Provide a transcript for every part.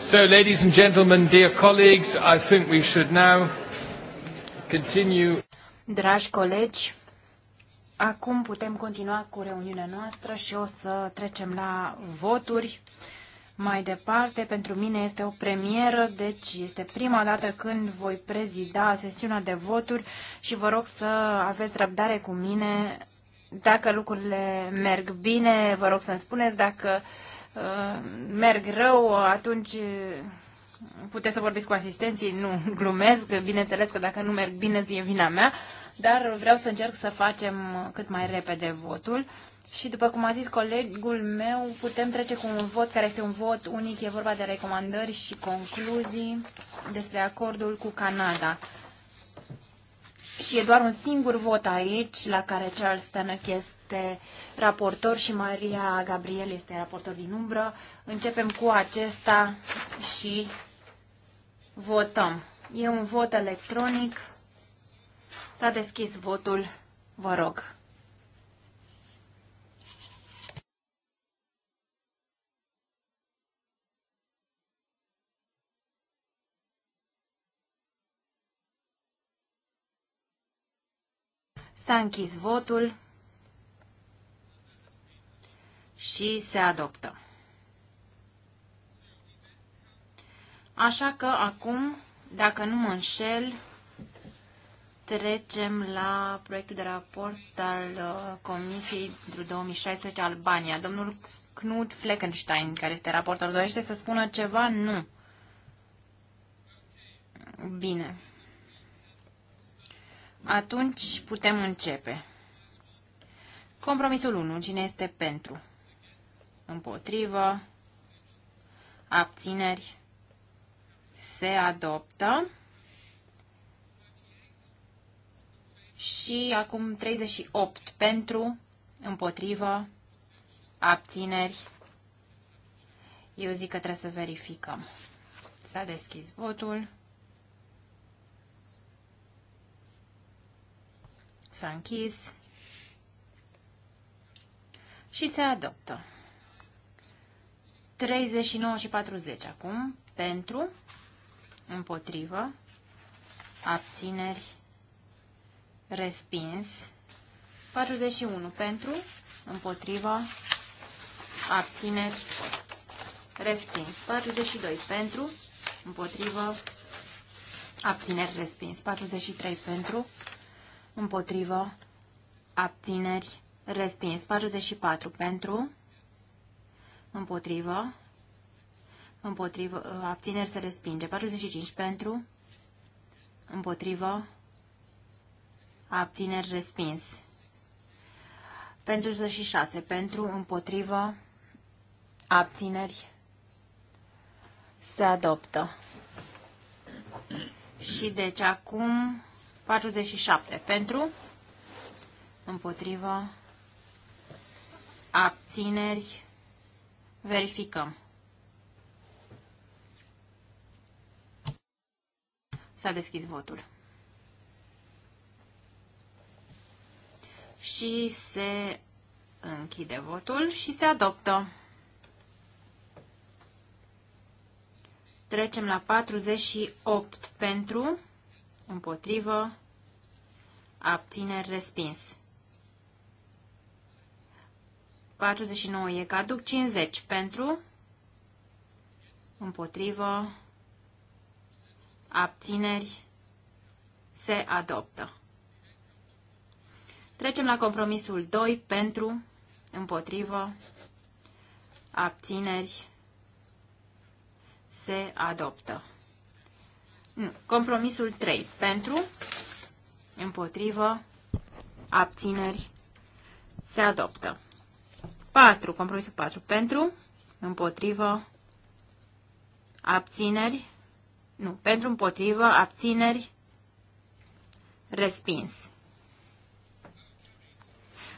So, ladies and gentlemen, dear colleagues, I think we should now continue. Dragi colegi, acum putem continua cu reuniunea noastră și o să trecem la voturi. Mai departe, pentru mine este o premieră, deci este prima dată când voi prezida sesiunea de voturi și vă rog să aveți răbdare cu mine. Dacă lucrurile merg bine, vă rog să-mi spuneți dacă uh, Uh, merg rău, uh, atunci uh, puteți să vorbiți cu asistenții, nu glumesc, bineînțeles că dacă nu merg bine e vina mea, dar vreau să încerc să facem cât mai repede votul. Și după cum a zis colegul meu, putem trece cu un vot care este un vot unic, e vorba de recomandări și concluzii despre acordul cu Canada. Și e doar un singur vot aici la care Charles Stanek este este raportor și Maria Gabriel este raportor din umbră. Începem cu acesta și votăm. E un vot electronic. S-a deschis votul. Vă rog. S-a închis votul și se adoptă. Așa că acum, dacă nu mă înșel, trecem la proiectul de raport al uh, Comisiei 2016 Albania. Domnul Knut Fleckenstein, care este raportor, dorește să spună ceva? Nu. Bine. Atunci putem începe. Compromisul 1. Cine este pentru? împotrivă, abțineri, se adoptă. Și acum 38 pentru, împotrivă, abțineri. Eu zic că trebuie să verificăm. S-a deschis votul. S-a închis. Și se adoptă. 39 și 40 acum. Pentru, împotrivă, abțineri, respins. 41 pentru, împotrivă, abțineri, respins. 42 pentru, împotrivă, abțineri, respins. 43 pentru, împotrivă, abțineri, respins. 44 pentru, Împotrivă. Împotrivă. Abțineri se respinge. 45 pentru. Împotrivă. Abțineri respins. Pentru 26. Pentru. Împotrivă. Abțineri se adoptă. Și deci acum 47. Pentru. Împotrivă. Abțineri Verificăm. S-a deschis votul. Și se închide votul și se adoptă. Trecem la 48 pentru, împotrivă, abțineri respins. 49 e caduc, 50 pentru, împotrivă, abțineri, se adoptă. Trecem la compromisul 2 pentru, împotrivă, abțineri, se adoptă. Nu, compromisul 3 pentru, împotrivă, abțineri, se adoptă. 4, compromisul 4 pentru, împotrivă, abțineri, nu, pentru, împotrivă, abțineri, respins.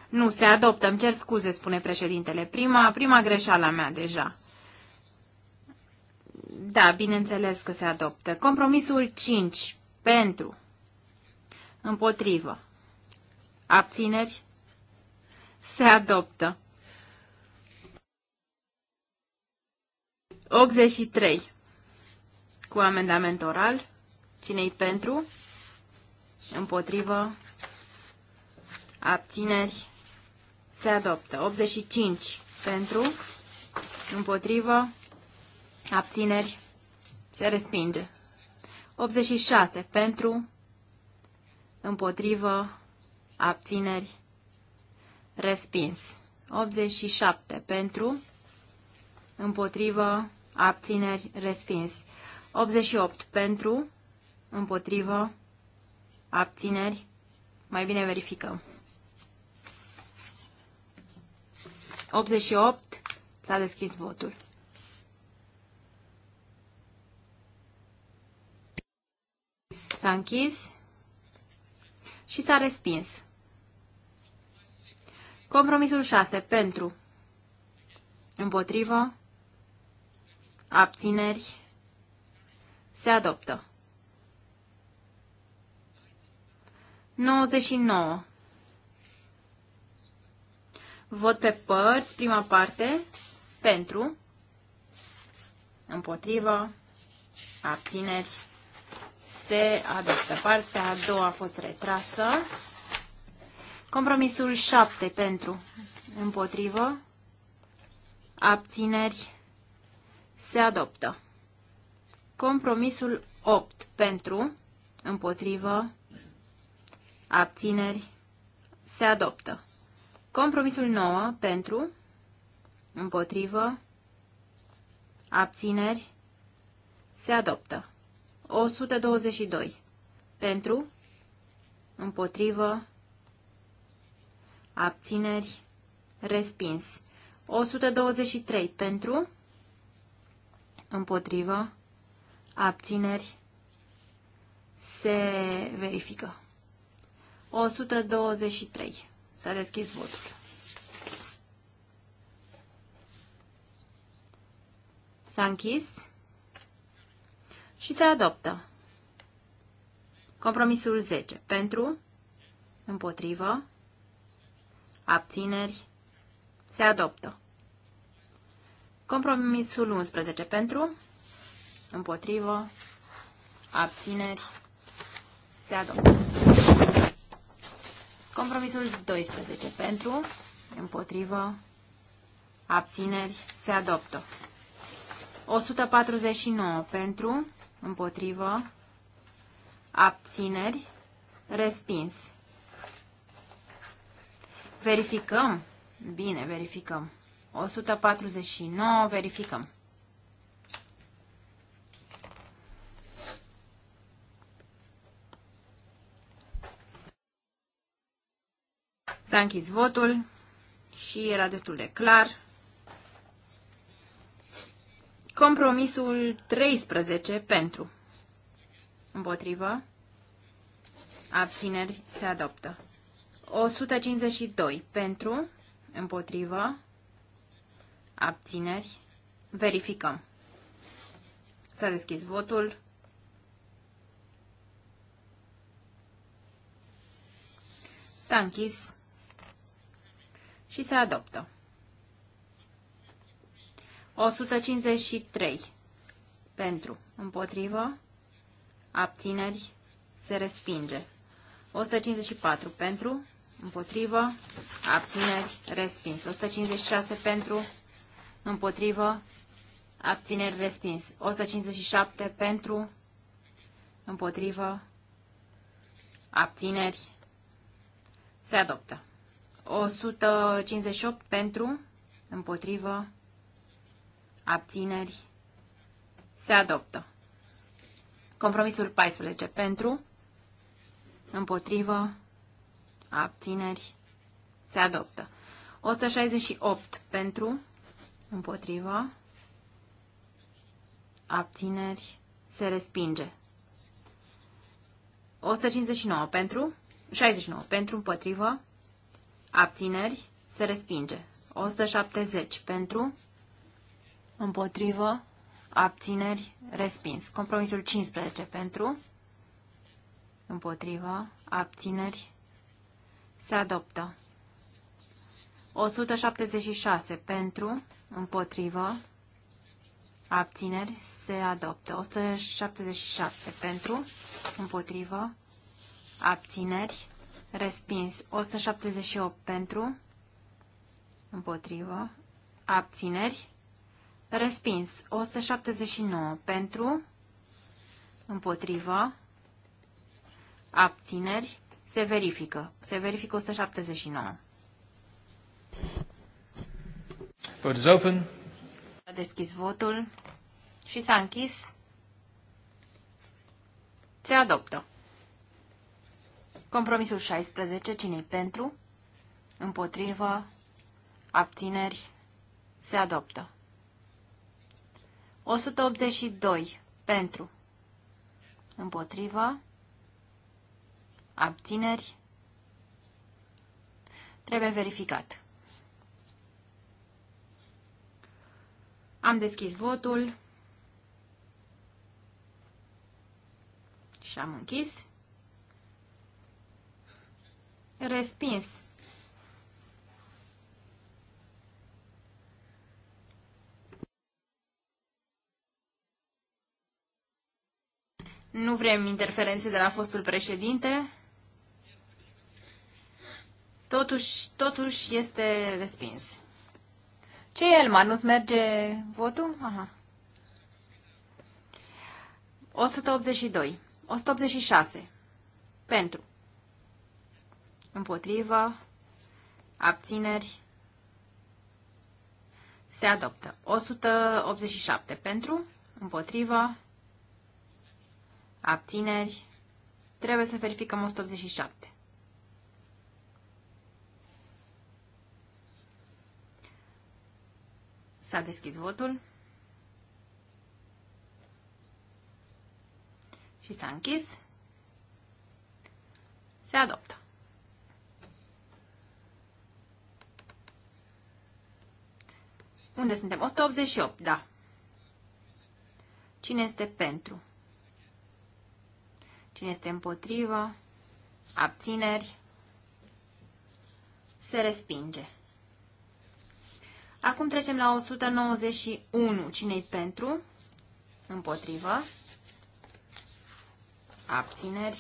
Nu, se adoptă, îmi cer scuze, spune președintele. Prima, prima greșeală mea deja. Da, bineînțeles că se adoptă. Compromisul 5, pentru, împotrivă, abțineri, se adoptă. 83 cu amendament oral. Cine-i pentru? Împotrivă? Abțineri? Se adoptă. 85 pentru? Împotrivă? Abțineri? Se respinge. 86 pentru? Împotrivă? Abțineri? Respins. 87 pentru? Împotrivă? abțineri, respins. 88 pentru, împotrivă, abțineri, mai bine verificăm. 88 s-a deschis votul. S-a închis și s-a respins. Compromisul 6 pentru, împotrivă, Abțineri. Se adoptă. 99. Vot pe părți, prima parte, pentru, împotrivă, abțineri, se adoptă. Partea a doua a fost retrasă. Compromisul 7 pentru, împotrivă, abțineri, se adoptă. Compromisul 8 pentru, împotrivă, abțineri, se adoptă. Compromisul 9 pentru, împotrivă, abțineri, se adoptă. 122 pentru, împotrivă, abțineri, respins. 123 pentru, împotrivă, abțineri, se verifică. 123. S-a deschis votul. S-a închis și se adoptă. Compromisul 10. Pentru, împotrivă, abțineri, se adoptă. Compromisul 11 pentru, împotrivă, abțineri, se adoptă. Compromisul 12 pentru, împotrivă, abțineri, se adoptă. 149 pentru, împotrivă, abțineri, respins. Verificăm? Bine, verificăm. 149, verificăm. S-a închis votul și era destul de clar. Compromisul 13 pentru. Împotrivă. Abțineri se adoptă. 152 pentru. Împotrivă abțineri, verificăm. S-a deschis votul. S-a închis și se adoptă. 153 pentru, împotrivă, abțineri, se respinge. 154 pentru, împotrivă, abțineri, respins. 156 pentru, împotrivă, abțineri respins. 157 pentru, împotrivă, abțineri, se adoptă. 158 pentru, împotrivă, abțineri, se adoptă. Compromisul 14 pentru, împotrivă, abțineri, se adoptă. 168 pentru, Împotriva. Abțineri. Se respinge. 159 pentru. 69 pentru. Împotriva. Abțineri. Se respinge. 170 pentru. Împotrivă. Abțineri. Respins. Compromisul 15 pentru. Împotrivă. Abțineri. Se adoptă. 176 pentru. Împotrivă. Abțineri. Se adoptă. 177 pentru. Împotrivă. Abțineri. Respins. 178 pentru. Împotrivă. Abțineri. Respins. 179 pentru. Împotrivă. Abțineri. Se verifică. Se verifică 179. Vote is open. A deschis votul și s-a închis. Se adoptă. Compromisul 16, cine pentru? Împotrivă, abțineri, se adoptă. 182, pentru, împotrivă, abțineri, trebuie verificat. Am deschis votul și am închis. Respins. Nu vrem interferențe de la fostul președinte. Totuși, totuși este respins. Ce, Elma, nu-ți merge votul? Aha. 182. 186. Pentru. Împotrivă. Abțineri. Se adoptă. 187. Pentru. Împotrivă. Abțineri. Trebuie să verificăm 187. S-a deschis votul. Și s-a închis. Se adoptă. Unde suntem? 188, da. Cine este pentru? Cine este împotrivă? Abțineri? Se respinge. Acum trecem la 191. Cine-i pentru? Împotrivă. Abțineri.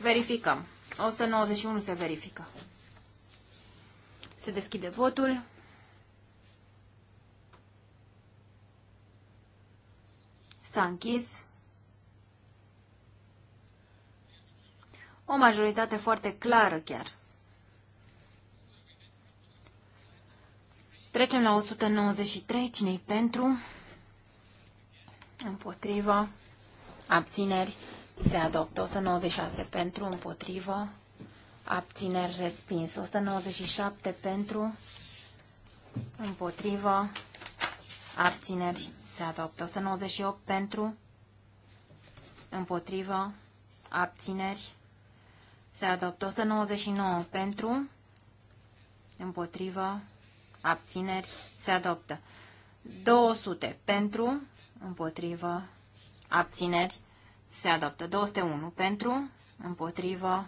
Verificăm. 191 se verifică. Se deschide votul. S-a închis. O majoritate foarte clară chiar. Trecem la 193. cine pentru? Împotrivă. Abțineri. Se adoptă. 196 pentru. Împotrivă. Abțineri. Respins. 197 pentru. Împotrivă. Abțineri. Se adoptă. 198 pentru. Împotrivă. Abțineri. Se adoptă. 199 pentru. Împotrivă abțineri, se adoptă. 200 pentru, împotrivă, abțineri, se adoptă. 201 pentru, împotrivă,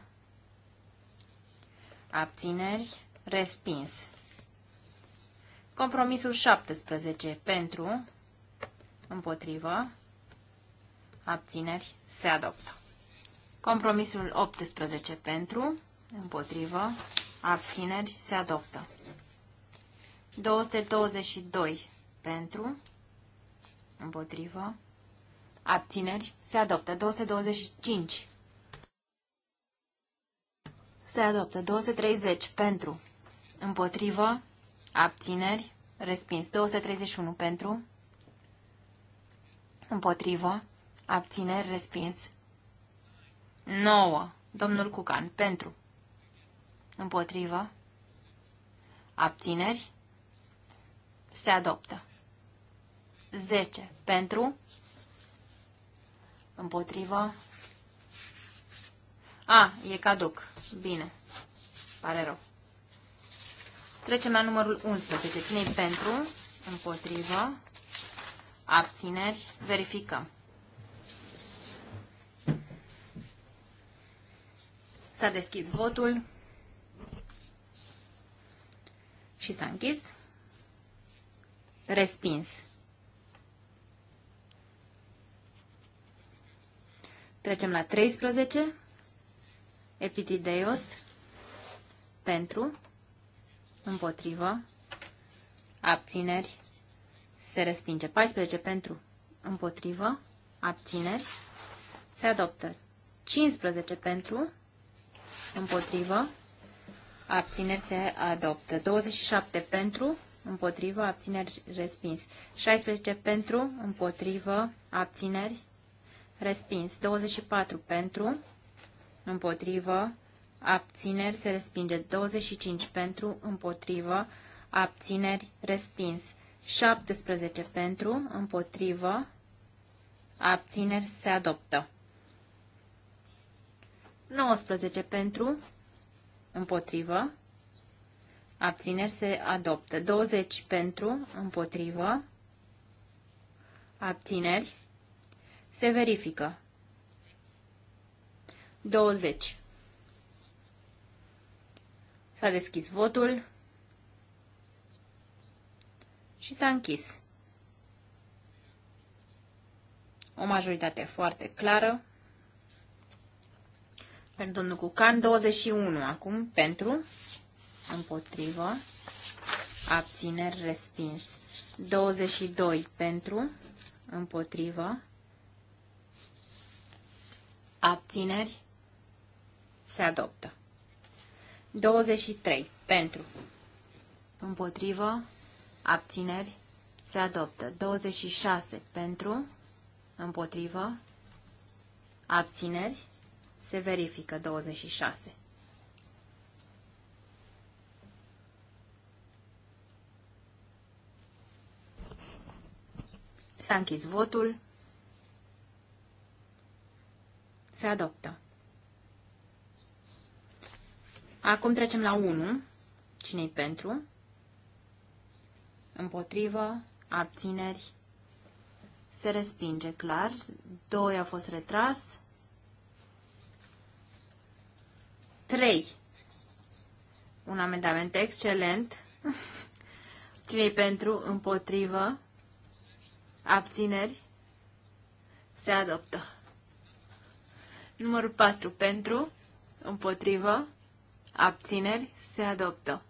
abțineri, respins. Compromisul 17 pentru, împotrivă, abțineri, se adoptă. Compromisul 18 pentru, împotrivă, abțineri, se adoptă. 222 pentru, împotrivă, abțineri, se adoptă. 225 se adoptă. 230 pentru, împotrivă, abțineri, respins. 231 pentru, împotrivă, abțineri, respins. 9. Domnul Cucan, pentru, împotrivă, abțineri, se adoptă. 10 pentru, împotrivă, a, e caduc, bine, pare rău. Trecem la numărul 11, cine pentru, împotrivă, abțineri, verificăm. S-a deschis votul și s-a închis. Respins. Trecem la 13. Epitideos Pentru. Împotrivă. Abțineri. Se respinge. 14 pentru. Împotrivă. Abțineri. Se adoptă. 15 pentru. Împotrivă. Abțineri se adoptă. 27 pentru împotrivă, abțineri, respins. 16 pentru, împotrivă, abțineri, respins. 24 pentru, împotrivă, abțineri, se respinge. 25 pentru, împotrivă, abțineri, respins. 17 pentru, împotrivă, abțineri, se adoptă. 19 pentru, împotrivă, abțineri se adoptă. 20 pentru, împotrivă, abțineri se verifică. 20. S-a deschis votul și s-a închis. O majoritate foarte clară. Pentru domnul Cucan, 21 acum pentru, împotrivă, abțineri, respins. 22 pentru, împotrivă, abțineri, se adoptă. 23 pentru, împotrivă, abțineri, se adoptă. 26 pentru, împotrivă, abțineri, se verifică 26. S-a închis votul. Se adoptă. Acum trecem la 1. cine e pentru? Împotrivă, abțineri, se respinge clar. 2 a fost retras. 3. Un amendament excelent. cine e pentru? Împotrivă, Abțineri. Se adoptă. Numărul 4. Pentru. Împotrivă. Abțineri. Se adoptă.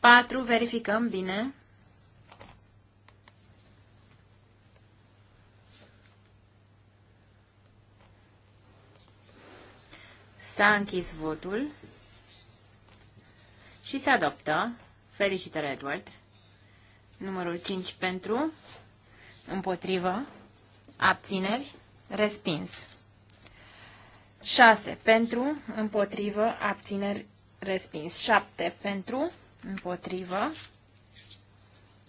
4. Verificăm bine. S-a închis votul și se adoptă. Felicitări, Edward! Numărul 5 pentru, împotrivă, abțineri, respins. 6 pentru, împotrivă, abțineri, respins. 7 pentru, împotrivă,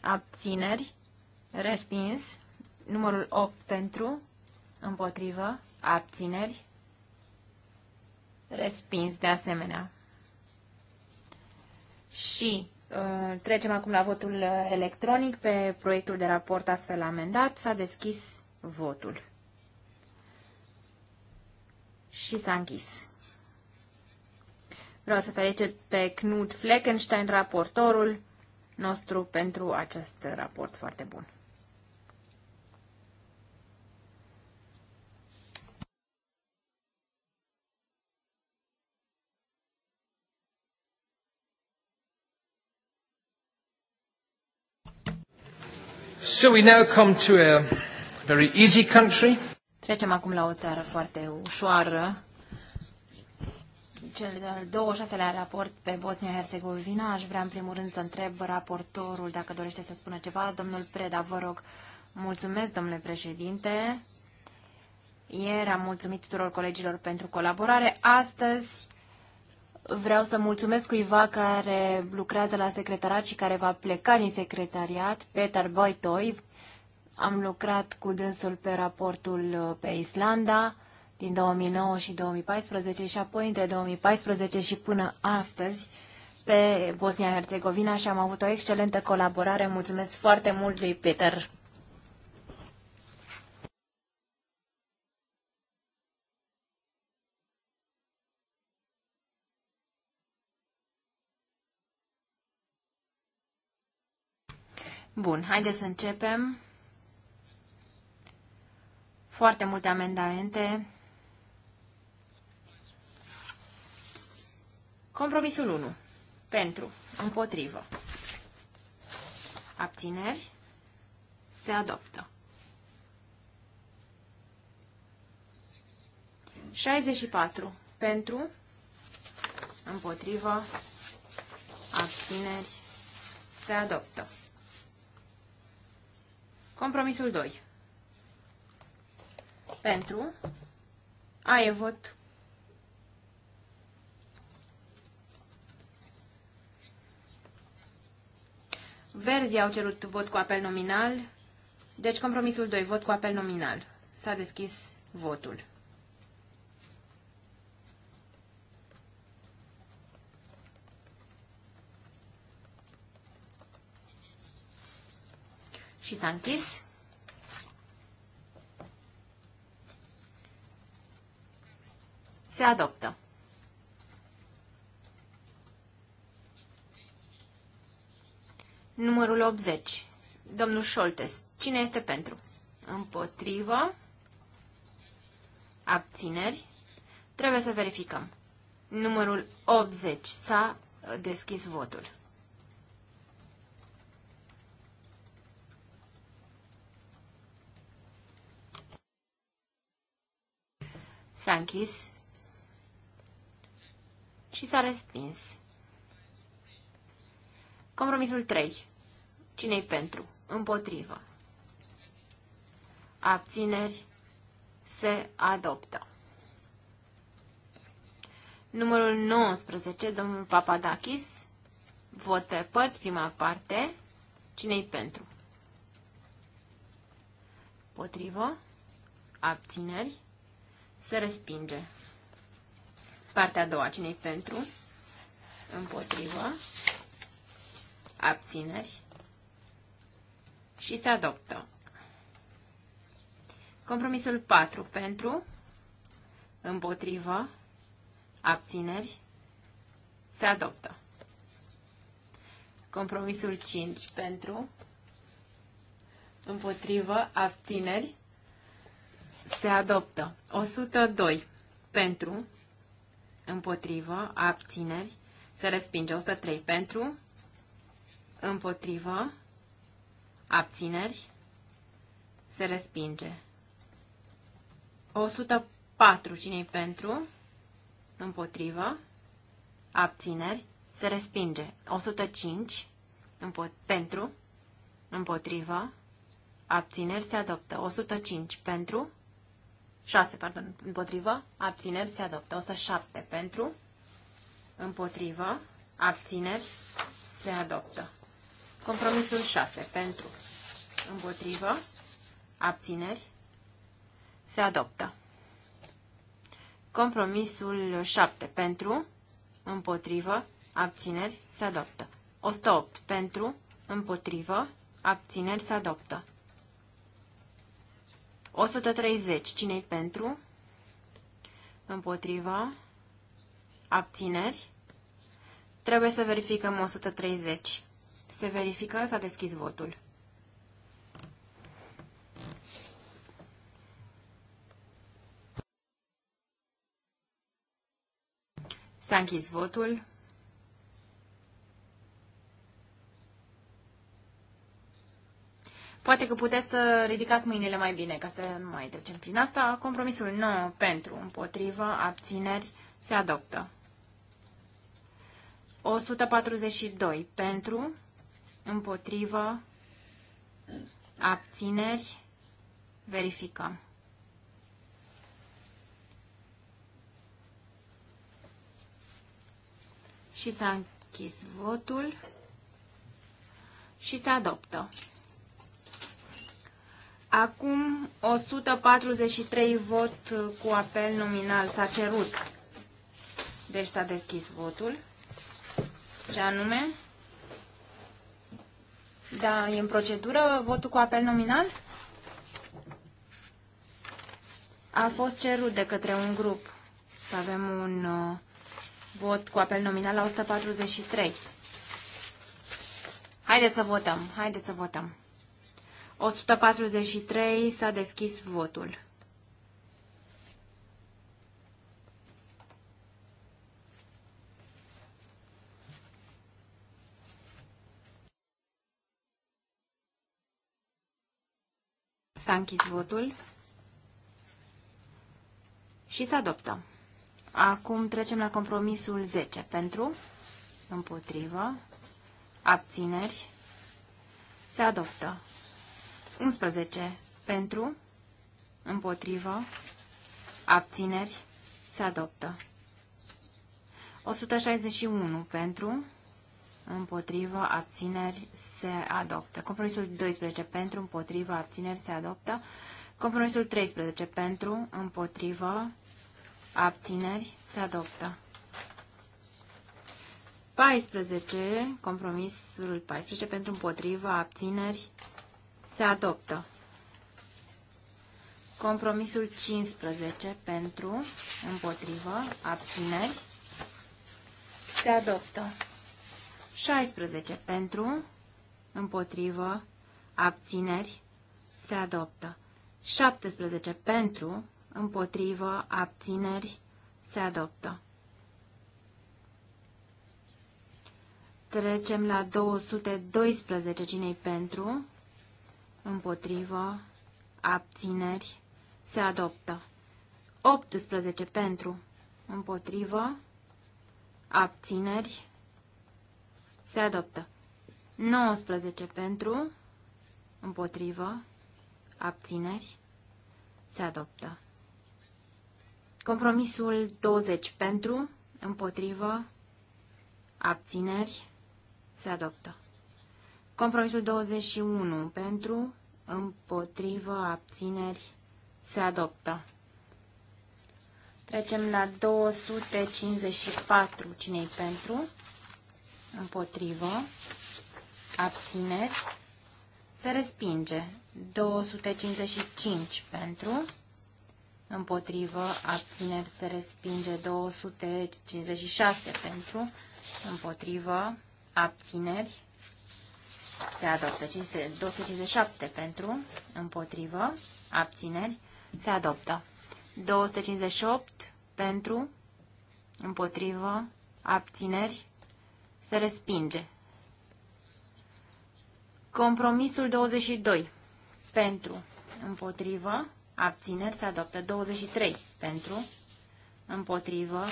abțineri, respins. Numărul 8 pentru, împotrivă, abțineri, respins de asemenea. Și Uh, trecem acum la votul uh, electronic pe proiectul de raport astfel amendat. S-a deschis votul. Și s-a închis. Vreau să felicit pe Knut Fleckenstein, raportorul nostru, pentru acest raport foarte bun. So we now come to a very easy country. Trecem acum la o țară foarte ușoară. Cel de-al 26-lea raport pe Bosnia-Herzegovina. Aș vrea în primul rând să întreb raportorul dacă dorește să spună ceva. Domnul Preda, vă rog. Mulțumesc, domnule președinte. Ieri am mulțumit tuturor colegilor pentru colaborare. Astăzi Vreau să mulțumesc cuiva care lucrează la secretariat și care va pleca din secretariat, Peter Boitoiv. Am lucrat cu dânsul pe raportul uh, pe Islanda din 2009 și 2014 și apoi între 2014 și până astăzi pe Bosnia-Herzegovina și am avut o excelentă colaborare. Mulțumesc foarte mult lui Peter Bun, haideți să începem. Foarte multe amendamente. Compromisul 1. Pentru. Împotrivă. Abțineri. Se adoptă. 64. Pentru. Împotrivă. Abțineri. Se adoptă. Compromisul 2. Pentru. A, e vot. Verzii au cerut vot cu apel nominal. Deci compromisul 2, vot cu apel nominal. S-a deschis votul. și s-a închis. Se adoptă. Numărul 80. Domnul Șoltes. Cine este pentru? Împotrivă. Abțineri. Trebuie să verificăm. Numărul 80. S-a deschis votul. s-a închis și s-a respins. Compromisul 3. Cine-i pentru? Împotrivă. Abțineri se adoptă. Numărul 19, domnul Papadakis, vot pe părți, prima parte. Cine-i pentru? Potrivă. Abțineri. Se respinge. Partea a doua, cine pentru? Împotrivă. Abțineri. Și se adoptă. Compromisul 4 pentru, împotrivă, abțineri, se adoptă. Compromisul 5 pentru, împotrivă, abțineri, se adoptă. 102 pentru, împotrivă, abțineri, se respinge. 103 pentru, împotrivă, abțineri, se respinge. 104 cine pentru, împotrivă, abțineri, se respinge. 105 împo pentru, împotrivă, abțineri se adoptă. 105 pentru, 6, pardon, împotrivă, abțineri, se adoptă. 107 pentru, împotrivă, abțineri, se adoptă. Compromisul 6 pentru, împotrivă, abțineri, se adoptă. Compromisul 7 pentru, împotrivă, abțineri, se adoptă. 108 pentru, împotrivă, abțineri, se adoptă. 130. Cine-i pentru? Împotriva. Abțineri. Trebuie să verificăm 130. Se verifică, s-a deschis votul. S-a închis votul. Poate că puteți să ridicați mâinile mai bine ca să nu mai trecem prin asta. Compromisul 9 pentru, împotrivă, abțineri, se adoptă. 142 pentru, împotrivă, abțineri, verificăm. Și s-a închis votul și se adoptă. Acum 143 vot cu apel nominal s-a cerut. Deci s-a deschis votul. Ce anume? Da, e în procedură votul cu apel nominal? A fost cerut de către un grup să avem un uh, vot cu apel nominal la 143. Haideți să votăm, haideți să votăm. 143 s-a deschis votul. S-a închis votul și se adoptă. Acum trecem la compromisul 10. Pentru, împotrivă, abțineri, se adoptă. 11. Pentru, împotrivă, abțineri, se adoptă. 161. Pentru, împotrivă, abțineri, se adoptă. Compromisul 12. Pentru, împotrivă, abțineri, se adoptă. Compromisul 13. Pentru, împotrivă, abțineri, se adoptă. 14, compromisul 14 pentru împotrivă, abțineri se adoptă. Compromisul 15 pentru, împotrivă, abțineri. Se adoptă. 16 pentru, împotrivă, abțineri. Se adoptă. 17 pentru, împotrivă, abțineri. Se adoptă. Trecem la 212. cinei pentru? împotrivă, abțineri, se adoptă. 18 pentru, împotrivă, abțineri, se adoptă. 19 pentru, împotrivă, abțineri, se adoptă. Compromisul 20 pentru, împotrivă, abțineri, se adoptă. Compromisul 21 pentru, împotrivă, abțineri, se adoptă. Trecem la 254. cine pentru? Împotrivă. Abțineri. Se respinge. 255 pentru. Împotrivă. Abțineri. Se respinge. 256 pentru. Împotrivă. Abțineri se adoptă. 257 pentru, împotrivă, abțineri, se adoptă. 258 pentru, împotrivă, abțineri, se respinge. Compromisul 22 pentru, împotrivă, abțineri, se adoptă. 23 pentru, împotrivă,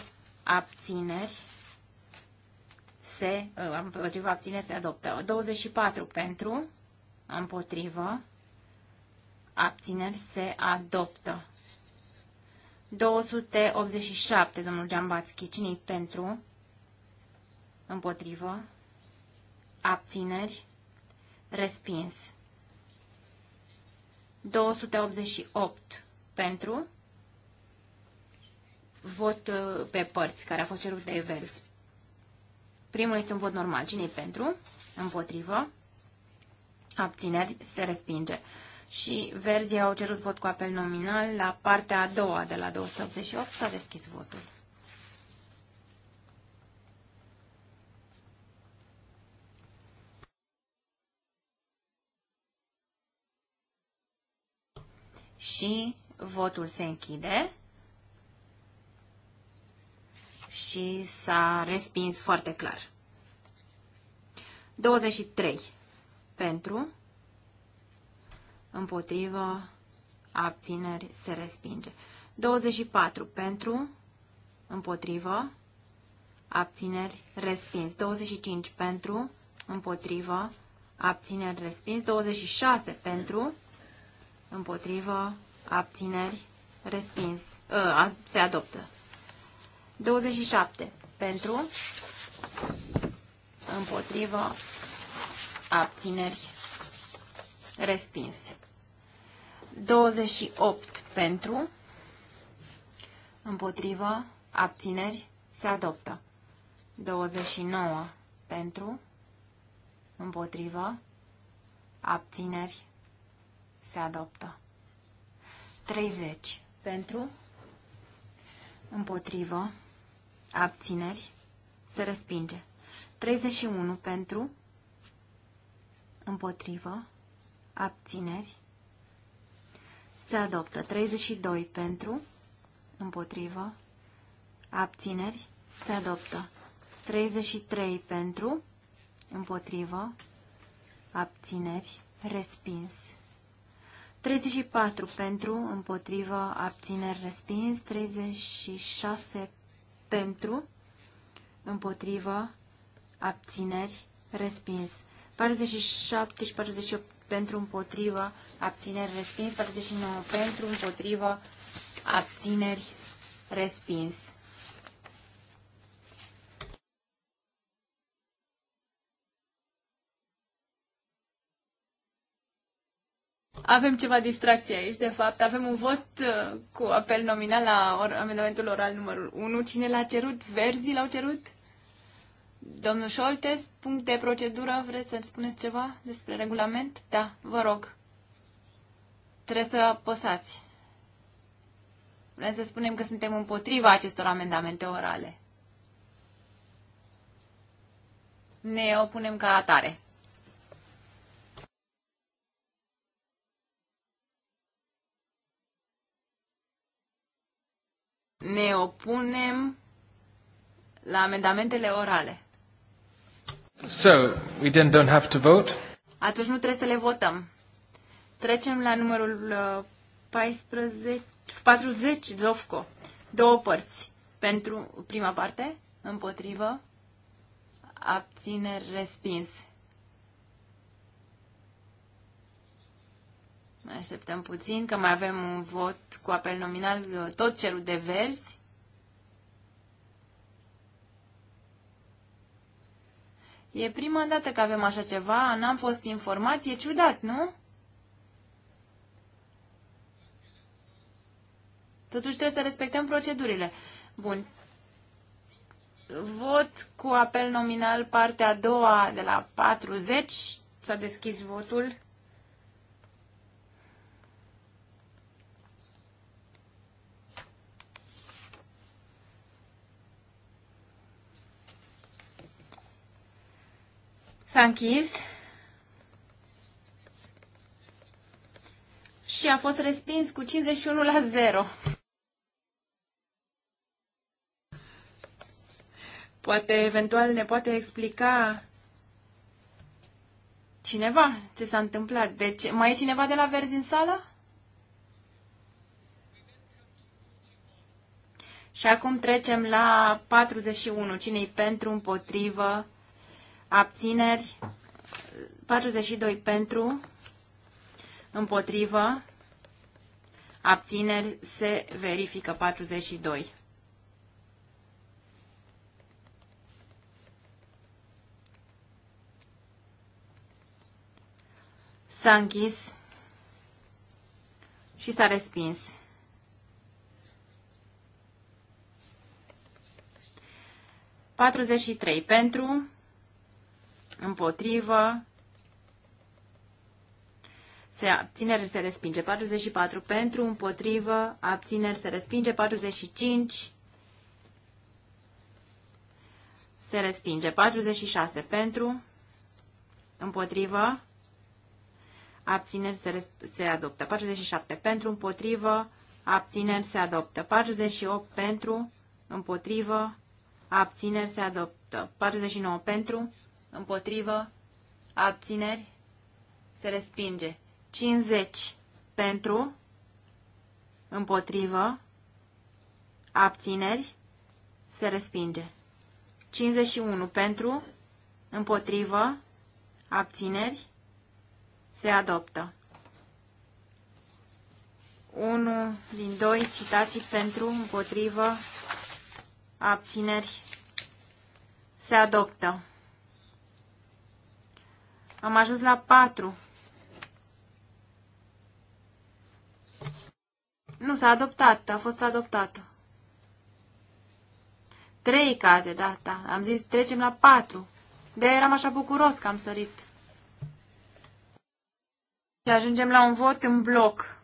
abțineri, se, uh, împotriva abținerii se adoptă. 24 pentru, împotrivă, abțineri se adoptă. 287, domnul Giambatski, cine pentru, împotrivă, abțineri, respins. 288 pentru, vot uh, pe părți, care a fost cerut de Evers. Primul este un vot normal. Cine e pentru? Împotrivă? Abțineri? Se respinge. Și verzii au cerut vot cu apel nominal la partea a doua de la 288. S-a deschis votul. Și votul se închide. și s-a respins foarte clar. 23 pentru, împotrivă, abțineri, se respinge. 24 pentru, împotrivă, abțineri, respins. 25 pentru, împotrivă, abțineri, respins. 26 pentru, împotrivă, abțineri, respins. Ă, se adoptă. 27 pentru, împotrivă, abțineri, respins. 28 pentru, împotrivă, abțineri, se adoptă. 29 pentru, împotrivă, abțineri, se adoptă. 30 pentru, împotrivă, abțineri, se respinge. 31 pentru, împotrivă, abțineri, se adoptă. 32 pentru, împotrivă, abțineri, se adoptă. 33 pentru, împotrivă, abțineri, respins. 34 pentru, împotrivă, abțineri, respins. 36 pentru, împotrivă, abțineri, respins. 47 și 48 pentru, împotrivă, abțineri, respins. 49 pentru, împotrivă, abțineri, respins. Avem ceva distracție aici, de fapt. Avem un vot uh, cu apel nominal la or- amendamentul oral numărul 1. Cine l-a cerut? Verzii l-au cerut? Domnul Șoltes, punct de procedură, vreți să spuneți ceva despre regulament? Da, vă rog. Trebuie să apăsați. Vrem să spunem că suntem împotriva acestor amendamente orale. Ne opunem ca atare. ne opunem la amendamentele orale. So, we then don't have to vote. Atunci nu trebuie să le votăm. Trecem la numărul 14, 40, Zofco. Două părți. Pentru prima parte, împotrivă, abțineri, respins. Mai așteptăm puțin, că mai avem un vot cu apel nominal, tot cerul de verzi. E prima dată că avem așa ceva, n-am fost informat, e ciudat, nu? Totuși trebuie să respectăm procedurile. Bun. Vot cu apel nominal, partea a doua de la 40. S-a deschis votul. S-a închis și a fost respins cu 51 la 0. Poate eventual ne poate explica cineva ce s-a întâmplat. Deci mai e cineva de la Verzi în sală? Și acum trecem la 41. Cine-i pentru, împotrivă, abțineri, 42 pentru, împotrivă, abțineri, se verifică 42. S-a închis și s-a respins. Patruzeci și trei pentru, împotrivă, se abțineri se respinge 44 pentru, împotrivă, abțineri se respinge 45, se respinge 46 pentru, împotrivă, abțineri se, se adoptă 47 pentru, împotrivă, abțineri se adoptă 48 pentru, împotrivă, abțineri se adoptă 49 pentru, împotrivă, abțineri, se respinge. 50 pentru, împotrivă, abțineri, se respinge. 51 pentru, împotrivă, abțineri, se adoptă. 1 din 2 citații pentru, împotrivă, abțineri, se adoptă. Am ajuns la 4. Nu, s-a adoptat, a fost adoptată. 3 cade, da, da. Am zis trecem la 4. de eram așa bucuros că am sărit. Și ajungem la un vot în bloc.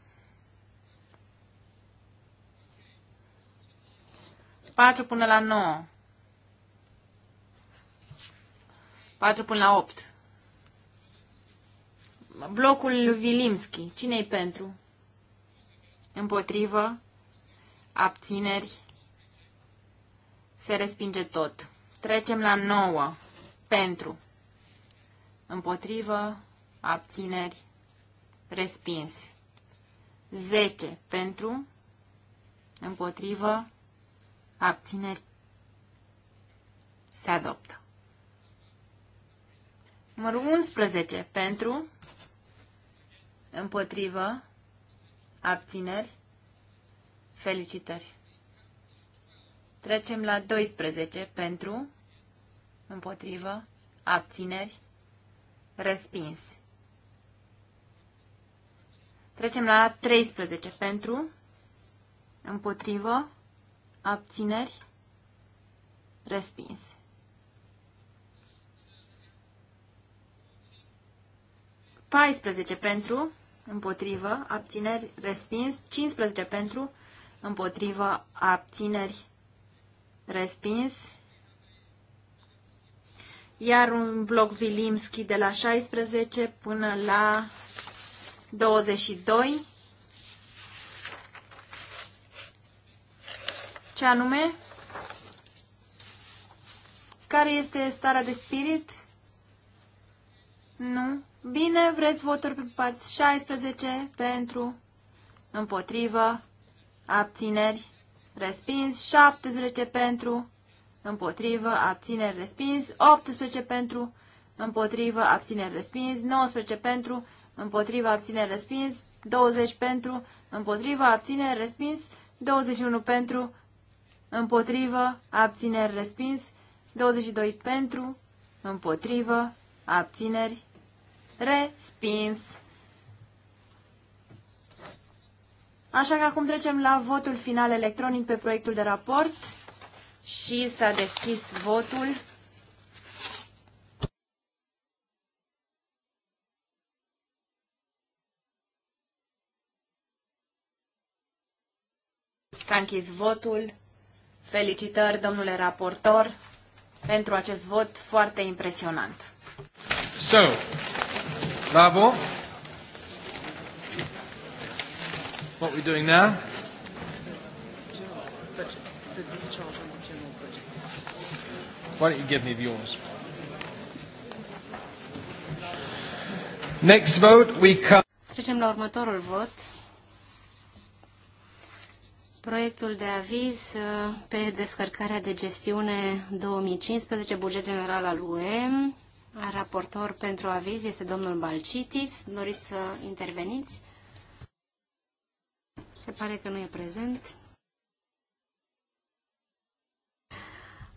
4 până la 9. 4 până la 8 blocul Vilimski. cine e pentru? Împotrivă? Abțineri? Se respinge tot. Trecem la nouă. Pentru. Împotrivă? Abțineri? Respins. 10. Pentru? Împotrivă? Abțineri? Se adoptă. Numărul 11. Pentru? Împotrivă. Abțineri. Felicitări. Trecem la 12 pentru, împotrivă, abțineri, respins. Trecem la 13 pentru, împotrivă, abțineri, respins. Paisprezece pentru, împotrivă, abțineri, respins, 15 pentru, împotrivă, abțineri, respins. Iar un bloc Vilimski de la 16 până la 22. Ce anume? Care este starea de spirit? Nu. Bine, vreți voturi pe părți 16 pentru, împotrivă, abțineri, respins, 17 pentru, împotrivă, abțineri, respins, 18 pentru, împotrivă, abțineri, respins, 19 pentru, împotrivă, abțineri, respins, 20 pentru, împotrivă, abțineri, respins, 21 pentru, împotrivă, abțineri, respins, 22 pentru, împotrivă, abțineri, Respins. Așa că acum trecem la votul final electronic pe proiectul de raport și s-a deschis votul. S-a închis votul. Felicitări, domnule raportor, pentru acest vot foarte impresionant. So, Bravo. What are we doing now? Why don't you give me yours? Next vote, we come. Trecem la următorul vot. Proiectul de aviz uh, pe descărcarea de gestiune 2015, buget general al UE, Raportor pentru aviz este domnul Balcitis. Doriți să interveniți? Se pare că nu e prezent.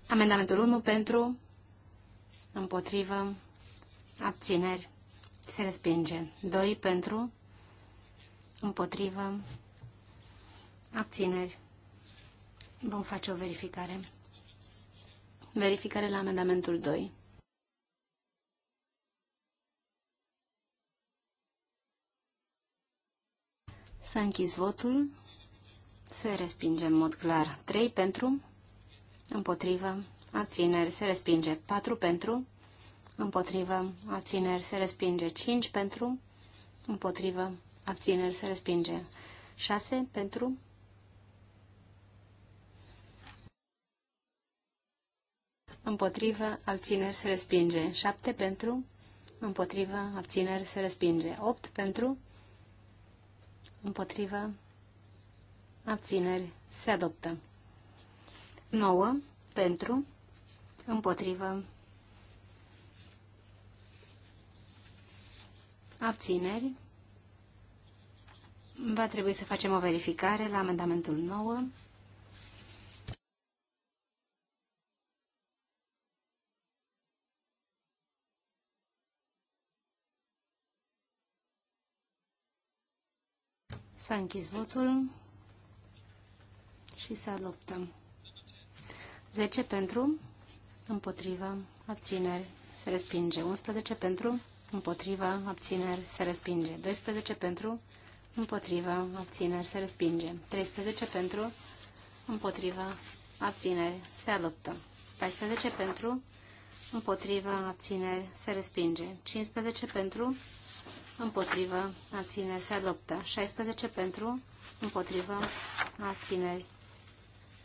Amendamentul 1 pentru, împotrivă, abțineri, se respinge. 2 pentru, împotrivă, abțineri. Vom face o verificare. Verificare la amendamentul 2. S-a închis votul. Se respinge în mod clar. 3 pentru, împotrivă, abțineri, se respinge. 4 pentru, împotrivă, abțineri, se respinge. 5 pentru, împotrivă, abțineri, se respinge. 6 pentru, împotrivă, abțineri, se respinge. 7 pentru, împotrivă, abțineri, se respinge. 8 pentru, împotrivă, abțineri, se adoptă. 9 pentru, împotrivă, abțineri. Va trebui să facem o verificare la amendamentul 9. S-a închis votul și se adoptă. 10 pentru, împotriva, abțineri, se respinge. 11 pentru, împotriva, abțineri, se respinge. 12 pentru, împotriva, abțineri, se respinge. 13 pentru, împotriva, abțineri, se adoptă. 14 pentru, împotriva, abțineri, se respinge. 15 pentru, împotrivă, abțineri, se adoptă. 16 pentru, împotrivă, abțineri,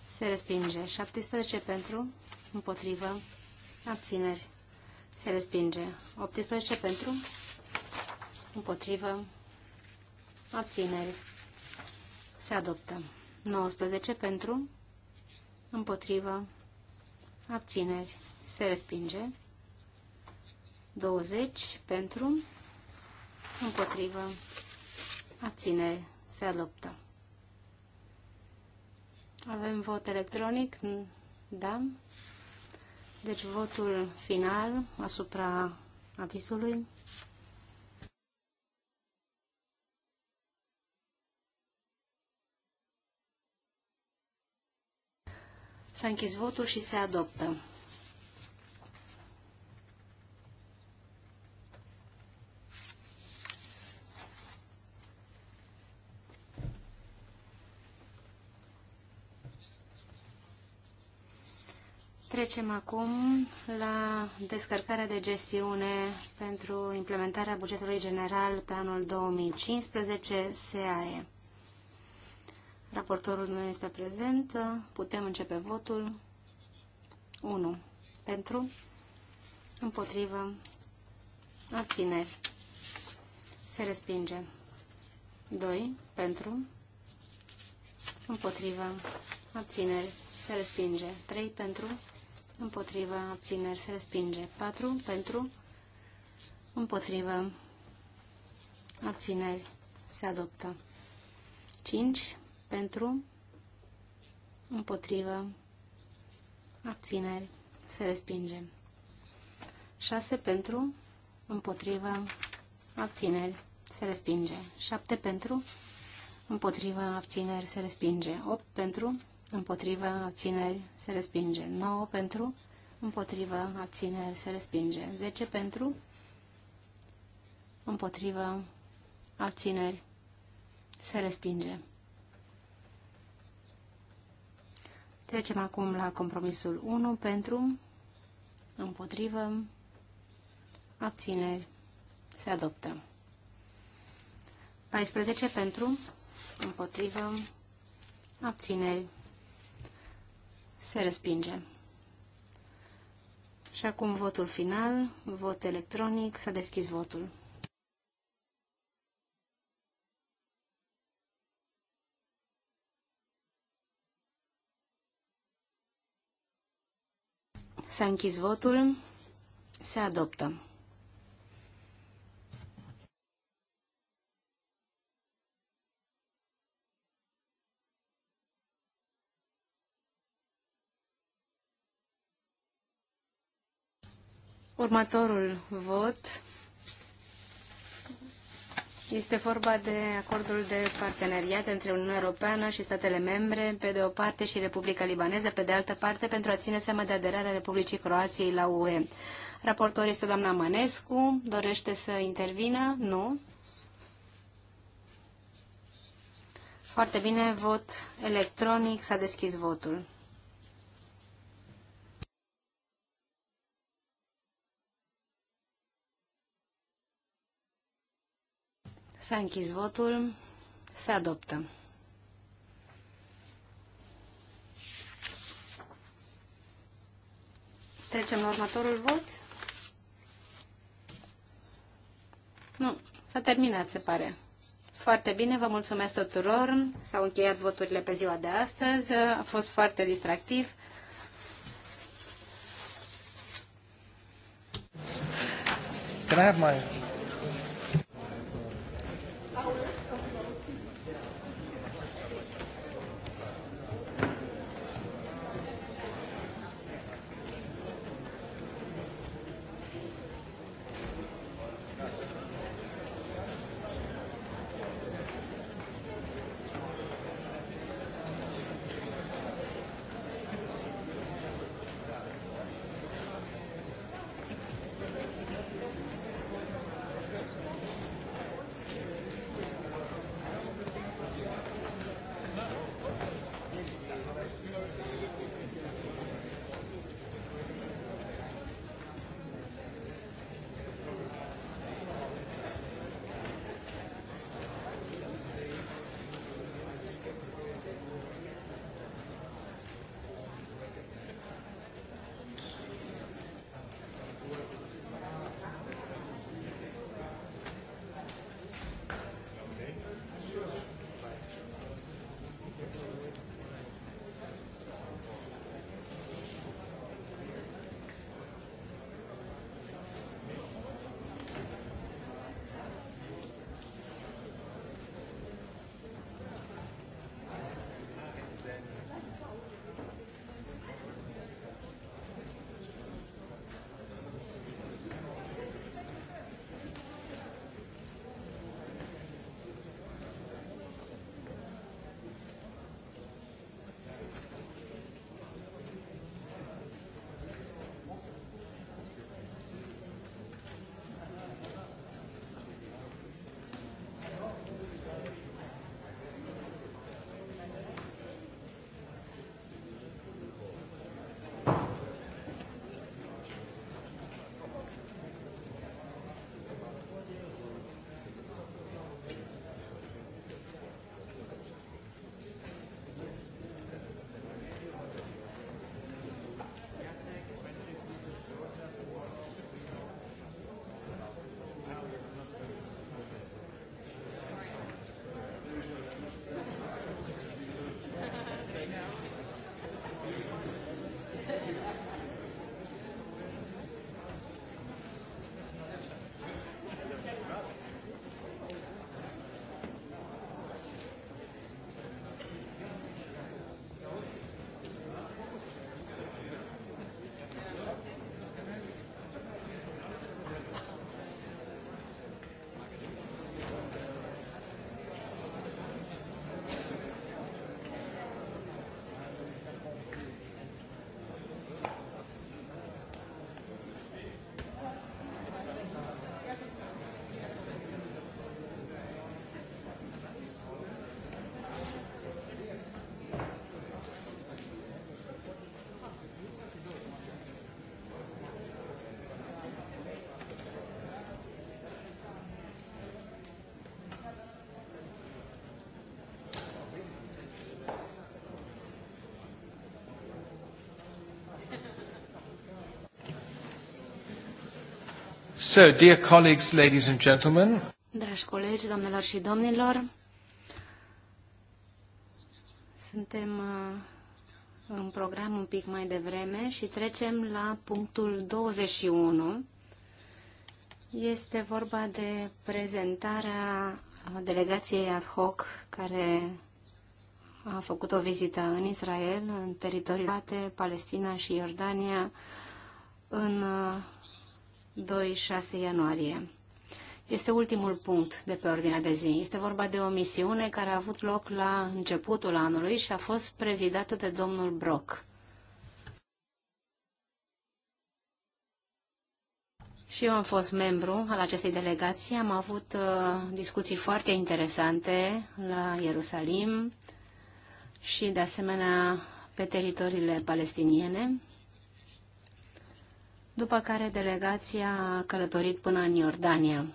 se respinge. 17 pentru, împotrivă, abțineri, se respinge. 18 pentru, împotrivă, abțineri, se adoptă. 19 pentru, împotrivă, abțineri, se respinge. 20 pentru, împotrivă, abțineri, se adoptă. Avem vot electronic, da? Deci votul final asupra avizului. S-a închis votul și se adoptă. Trecem acum la descărcarea de gestiune pentru implementarea bugetului general pe anul 2015 SAE. Raportorul nu este prezent. Putem începe votul. 1. Pentru. Împotrivă. Abțineri. Se respinge. 2. Pentru. Împotrivă. Abțineri. Se respinge. 3. Pentru împotrivă, abțineri, se respinge. 4 pentru, împotrivă, abțineri, se adoptă. 5 pentru, împotrivă, abțineri, se respinge. 6 pentru, împotrivă, abțineri, se respinge. 7 pentru, împotrivă, abțineri, se respinge. 8 pentru, împotriva, abțineri, se respinge. 9 pentru, împotriva, abțineri, se respinge. 10 pentru, împotriva, abțineri, se respinge. Trecem acum la compromisul 1 pentru, împotrivă, abțineri, se adoptă. 14 pentru, împotrivă, abțineri, se respinge. Și acum votul final, vot electronic, s-a deschis votul. S-a închis votul, se adoptă. Următorul vot este vorba de acordul de parteneriat între Uniunea Europeană și statele membre, pe de o parte, și Republica Libaneză, pe de altă parte, pentru a ține seama de aderarea Republicii Croației la UE. Raportor este doamna Manescu. Dorește să intervină? Nu. Foarte bine, vot electronic. S-a deschis votul. S-a închis votul. Se adoptă. Trecem la următorul vot. Nu, s-a terminat, se pare. Foarte bine, vă mulțumesc tuturor. S-au încheiat voturile pe ziua de astăzi. A fost foarte distractiv. Can I have my... So, dear colleagues, ladies and gentlemen. Dragi colegi, doamnelor și domnilor, suntem uh, în program un pic mai devreme și trecem la punctul 21. Este vorba de prezentarea uh, delegației ad hoc care a făcut o vizită în Israel, în teritoriile Palestina și Iordania, în uh, 2-6 ianuarie. Este ultimul punct de pe ordinea de zi. Este vorba de o misiune care a avut loc la începutul anului și a fost prezidată de domnul Brock. Și eu am fost membru al acestei delegații, am avut uh, discuții foarte interesante la Ierusalim și, de asemenea, pe teritoriile palestiniene după care delegația a călătorit până în Iordania.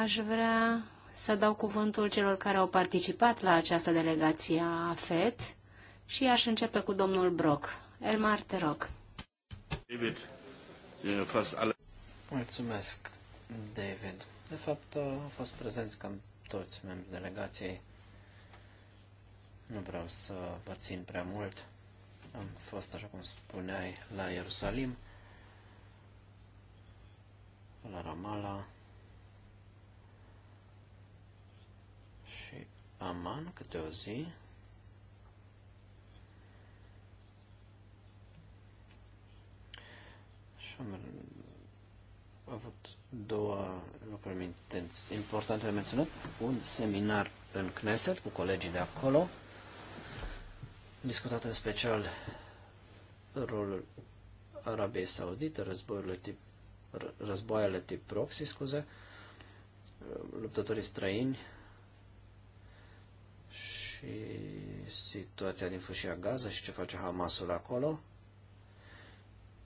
Aș vrea să dau cuvântul celor care au participat la această delegație a Fed și aș începe cu domnul Brock. Elmar, te rog. David, Mulțumesc, David. De fapt, au fost prezenți cam toți membrii delegației. Nu vreau să vă țin prea mult. Am fost, așa cum spuneai, la Ierusalim, la Ramala și Aman câte o zi. Și am avut două lucruri importante de menționat. Un seminar în Knesset cu colegii de acolo, discutat în special rolul Arabiei Saudite, războiurile tip, războaiele tip proxy, scuze, luptătorii străini și situația din fâșia Gaza și ce face Hamasul acolo.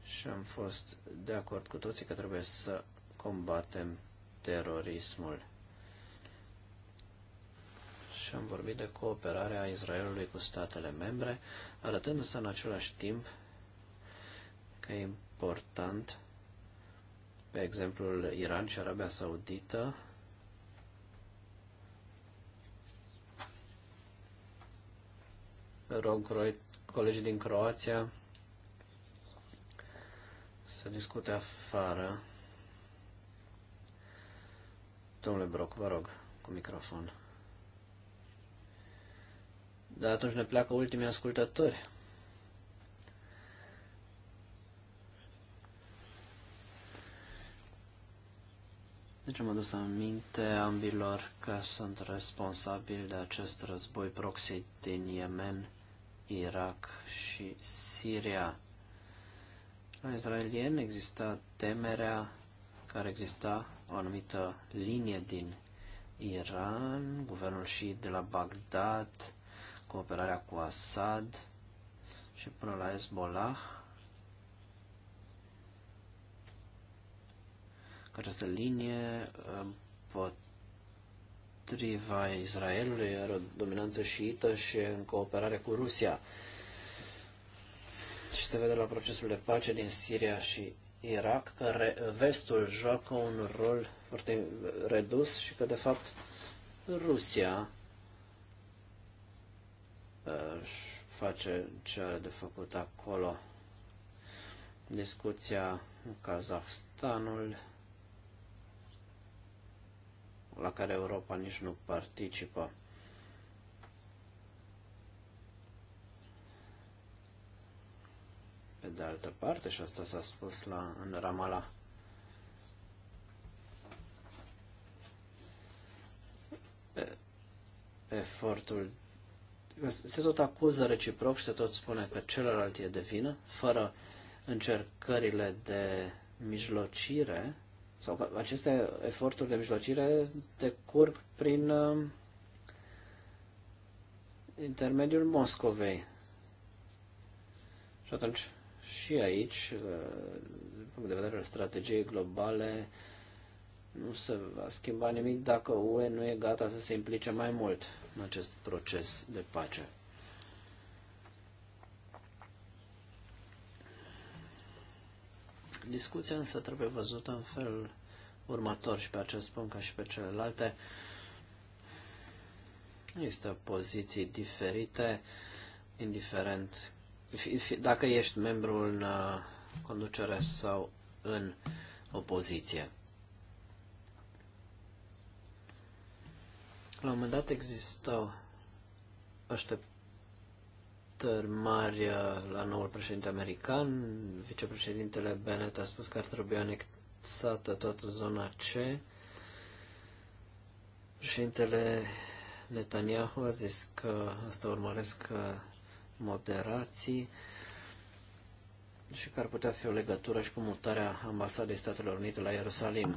Și am fost de acord cu toții că trebuie să combatem terorismul și am vorbit de cooperarea Israelului cu statele membre, arătând însă în același timp că e important, pe exemplul Iran și Arabia Saudită, rog colegii din Croația să discute afară. Domnule Broc, vă rog, cu microfon dar atunci ne pleacă ultimii ascultători. Deci am adus aminte ambilor că sunt responsabili de acest război proxy din Yemen, Irak și Siria. La israelien exista temerea care exista o anumită linie din Iran, guvernul și de la Bagdad cooperarea cu Assad și până la Hezbollah, că această linie împotriva uh, Israelului are o dominanță șiită și în cooperare cu Rusia. Și se vede la procesul de pace din Siria și Irak că vestul joacă un rol foarte redus și că de fapt Rusia Uh, face ce are de făcut acolo. Discuția cu Kazahstanul, la care Europa nici nu participă. Pe de altă parte, și asta s-a spus la, în Ramala, efortul se tot acuză reciproc și se tot spune că celălalt e de vină, fără încercările de mijlocire, sau că aceste eforturi de mijlocire decurg prin uh, intermediul Moscovei. Și atunci, și aici, uh, din punct de vedere al strategiei globale, nu se va schimba nimic dacă UE nu e gata să se implice mai mult în acest proces de pace. Discuția însă trebuie văzută în felul următor și pe acest punct ca și pe celelalte. Există poziții diferite, indiferent dacă ești membru în uh, conducere sau în opoziție. La un moment dat existau așteptări mari uh, la noul președinte american. Vicepreședintele Bennett a spus că ar trebui anexată toată zona C. Președintele Netanyahu a zis că asta urmăresc uh, moderații și că ar putea fi o legătură și cu mutarea ambasadei Statelor Unite la Ierusalim.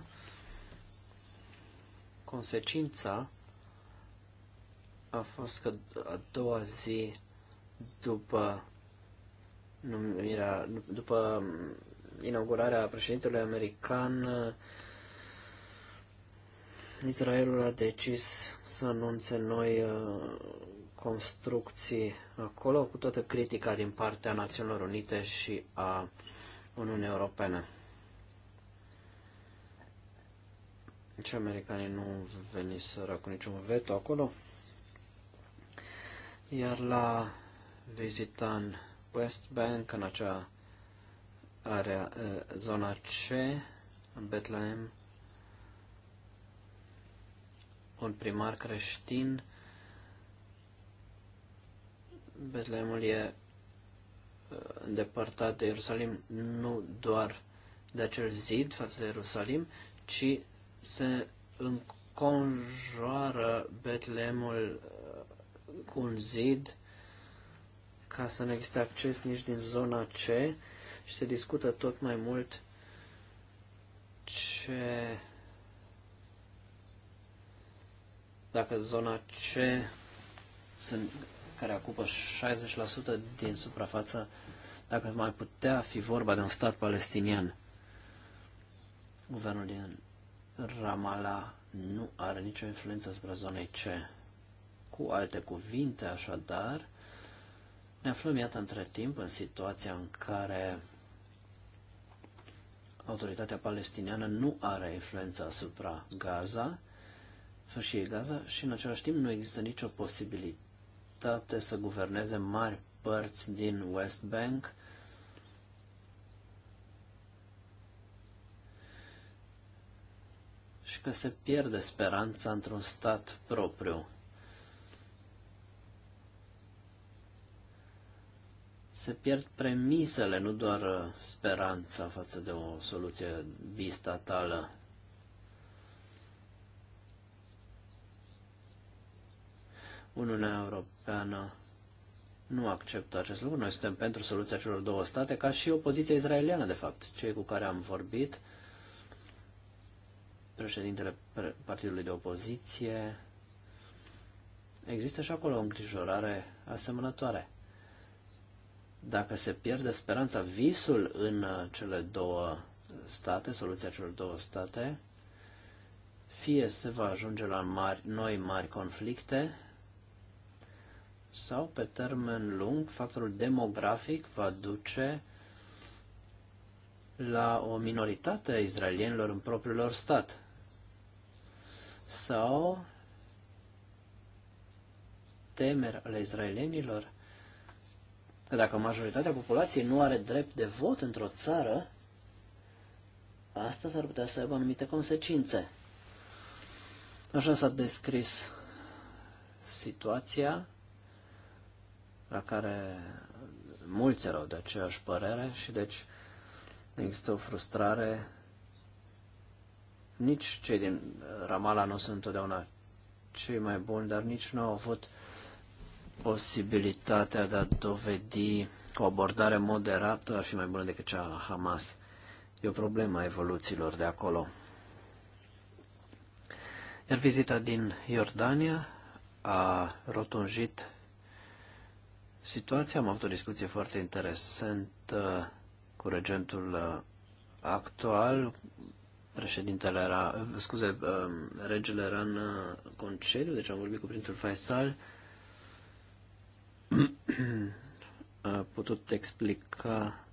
Consecința a fost că a doua zi după numirea, după inaugurarea președintelui american, Israelul a decis să anunțe noi uh, construcții acolo, cu toată critica din partea Națiunilor Unite și a Uniunii Europene. Și deci americanii nu veniseră cu niciun veto acolo. Iar la vizita în West Bank, în acea area, zona C, în Bethlehem, un primar creștin. Betlehemul e îndepărtat de Ierusalim nu doar de acel zid față de Ierusalim, ci se înconjoară Betlehemul cu un zid ca să nu existe acces nici din zona C și se discută tot mai mult ce dacă zona C sunt, care acupă 60% din suprafața, dacă mai putea fi vorba de un stat palestinian. Guvernul din Ramallah nu are nicio influență asupra zonei C. Cu alte cuvinte, așadar, ne aflăm, iată, între timp în situația în care autoritatea palestiniană nu are influență asupra Gaza, fâșiei Gaza, și în același timp nu există nicio posibilitate să guverneze mari părți din West Bank. Și că se pierde speranța într-un stat propriu. se pierd premisele, nu doar uh, speranța față de o soluție bistatală. Uniunea Europeană nu acceptă acest lucru. Noi suntem pentru soluția celor două state, ca și opoziția izraeliană, de fapt, cei cu care am vorbit, președintele partidului de opoziție. Există și acolo o îngrijorare asemănătoare. Dacă se pierde speranța, visul în cele două state, soluția celor două state, fie se va ajunge la mari, noi mari conflicte, sau pe termen lung, factorul demografic va duce la o minoritate a izraelienilor în propriul lor stat. Sau temeri ale izraelienilor că dacă majoritatea populației nu are drept de vot într-o țară, asta s-ar putea să aibă anumite consecințe. Așa s-a descris situația la care mulți erau de aceeași părere și deci există o frustrare. Nici cei din Ramala nu sunt întotdeauna cei mai buni, dar nici nu au avut posibilitatea de a dovedi o abordare moderată ar fi mai bună decât cea a Hamas. E o problemă a evoluțiilor de acolo. Iar vizita din Iordania a rotunjit situația. Am avut o discuție foarte interesantă cu regentul uh, actual. Președintele era, uh, scuze, uh, regele era în concediu, deci am vorbit cu prințul Faisal a putut explica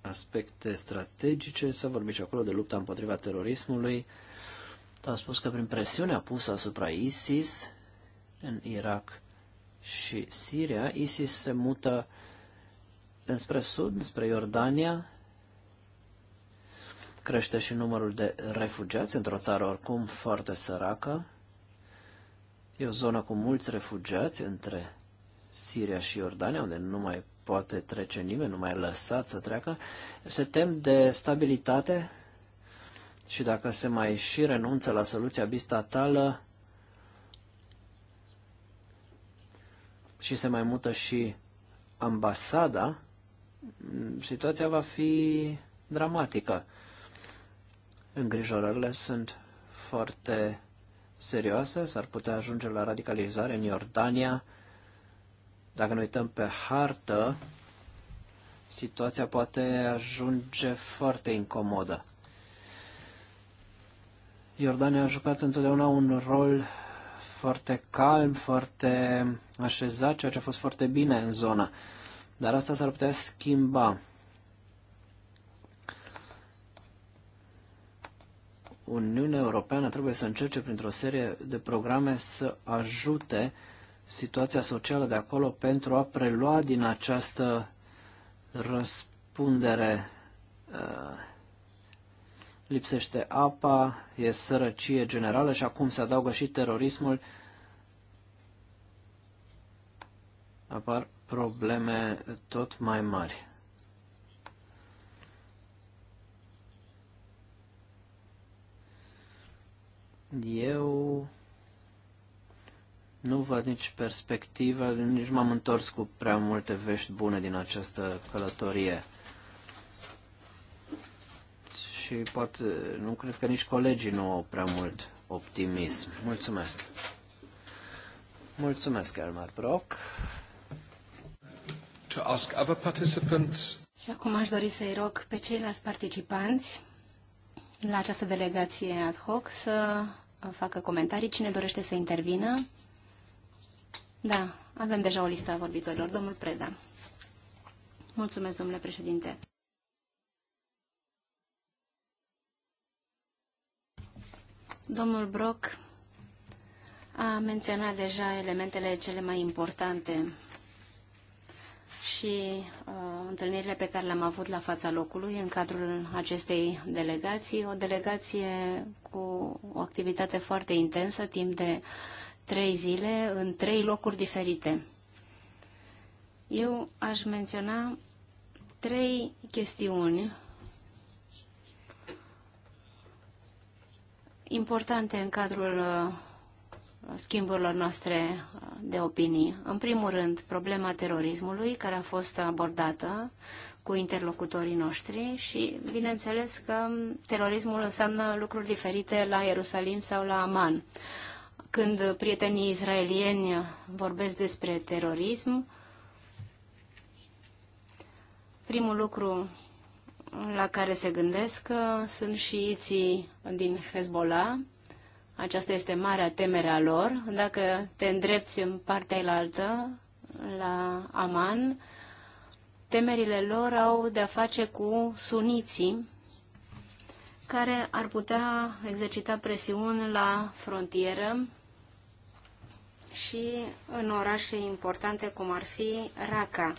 aspecte strategice, s-a vorbit și acolo de lupta împotriva terorismului. A spus că prin presiunea pusă asupra ISIS în Irak și Siria, ISIS se mută înspre sud, spre Iordania, crește și numărul de refugiați într-o țară oricum foarte săracă. E o zonă cu mulți refugiați între Siria și Iordania, unde nu mai poate trece nimeni, nu mai lăsat să treacă, se tem de stabilitate și dacă se mai și renunță la soluția bistatală și se mai mută și ambasada, situația va fi dramatică. Îngrijorările sunt foarte serioase, s-ar putea ajunge la radicalizare în Iordania, dacă ne uităm pe hartă, situația poate ajunge foarte incomodă. Iordania a jucat întotdeauna un rol foarte calm, foarte așezat, ceea ce a fost foarte bine în zonă. Dar asta s-ar putea schimba. Uniunea Europeană trebuie să încerce printr-o serie de programe să ajute uh, situația socială de acolo pentru a prelua din această răspundere. Uh, lipsește apa, e sărăcie generală și acum se adaugă și terorismul. Apar probleme tot mai mari. Eu nu văd nici perspectivă, nici m-am întors cu prea multe vești bune din această călătorie. Și poate, nu cred că nici colegii nu au prea mult optimism. Mulțumesc! Mulțumesc, Elmar Brock! To ask other participants. Și acum aș dori să-i rog pe ceilalți participanți la această delegație ad hoc să facă comentarii. Cine dorește să intervină? Da, avem deja o listă a vorbitorilor. Domnul Preda. Mulțumesc, domnule președinte. Domnul Brock a menționat deja elementele cele mai importante și uh, întâlnirile pe care le-am avut la fața locului în cadrul acestei delegații, o delegație cu o activitate foarte intensă timp de trei zile în trei locuri diferite. Eu aș menționa trei chestiuni importante în cadrul uh, schimburilor noastre uh, de opinii. În primul rând, problema terorismului, care a fost abordată cu interlocutorii noștri și, bineînțeles, că terorismul înseamnă lucruri diferite la Ierusalim sau la Aman când prietenii israelieni vorbesc despre terorism, primul lucru la care se gândesc uh, sunt șiiții din Hezbollah. Aceasta este marea temere a lor. Dacă te îndrepți în partea elaltă, la Aman, temerile lor au de-a face cu suniții care ar putea exercita presiuni la frontieră și în orașe importante cum ar fi Raqqa,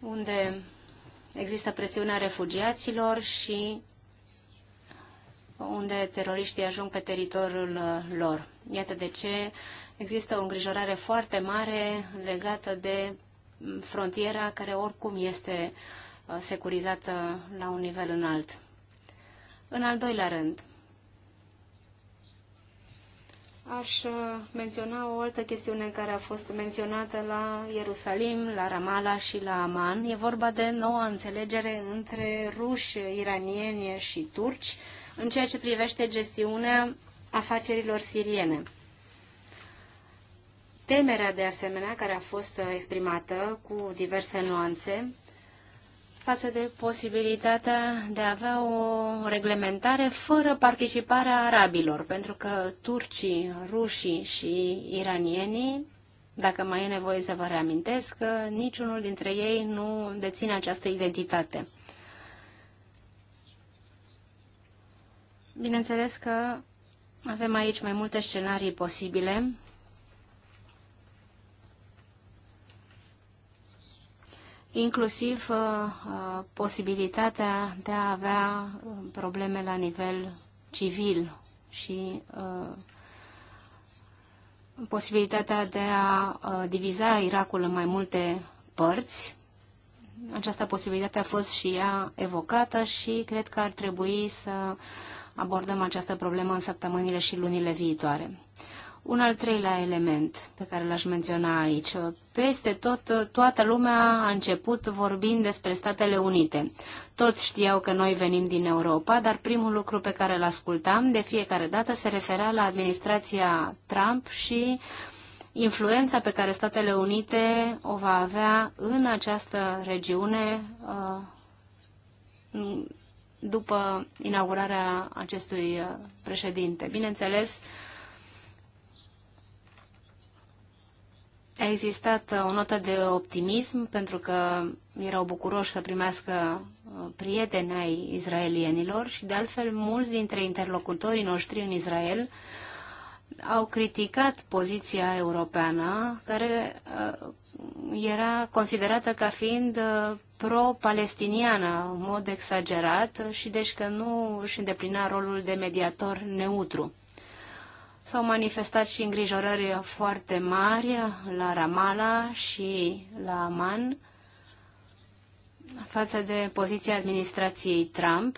unde există presiunea refugiaților și unde teroriștii ajung pe teritoriul uh, lor. Iată de ce există o îngrijorare foarte mare legată de mm, frontiera care oricum este uh, securizată la un nivel înalt. În al doilea rând, aș uh, menționa o altă chestiune care a fost menționată la Ierusalim, la Ramala și la Aman. E vorba de noua înțelegere între ruși, iranieni și turci în ceea ce privește gestiunea afacerilor siriene. Temerea de asemenea care a fost uh, exprimată cu diverse nuanțe față de posibilitatea de a avea o reglementare fără participarea arabilor, pentru că turcii, rușii și iranienii, dacă mai e nevoie să vă reamintesc, că niciunul dintre ei nu deține această identitate. Bineînțeles că avem aici mai multe scenarii posibile inclusiv uh, uh, posibilitatea de a avea uh, probleme la nivel civil și posibilitatea de a diviza Irakul în mai multe părți. Această posibilitate a fost și ea evocată și cred că ar trebui să abordăm această problemă în săptămânile și lunile viitoare. Un al treilea element pe care l-aș menționa aici. Peste tot, toată lumea a început vorbind despre Statele Unite. Toți știau că noi venim din Europa, dar primul lucru pe care îl ascultam de fiecare dată se referea la administrația Trump și influența pe care Statele Unite o va avea în această regiune uh, după inaugurarea acestui uh, președinte. Bineînțeles, A existat uh, o notă de optimism pentru că erau bucuroși să primească uh, prieteni ai izraelienilor și de altfel mulți dintre interlocutorii noștri în Israel au criticat poziția europeană care uh, era considerată ca fiind pro-palestiniană în mod exagerat și deci că nu își îndeplinea rolul de mediator neutru. S-au manifestat și îngrijorări foarte mari la Ramala și la Aman față de poziția administrației Trump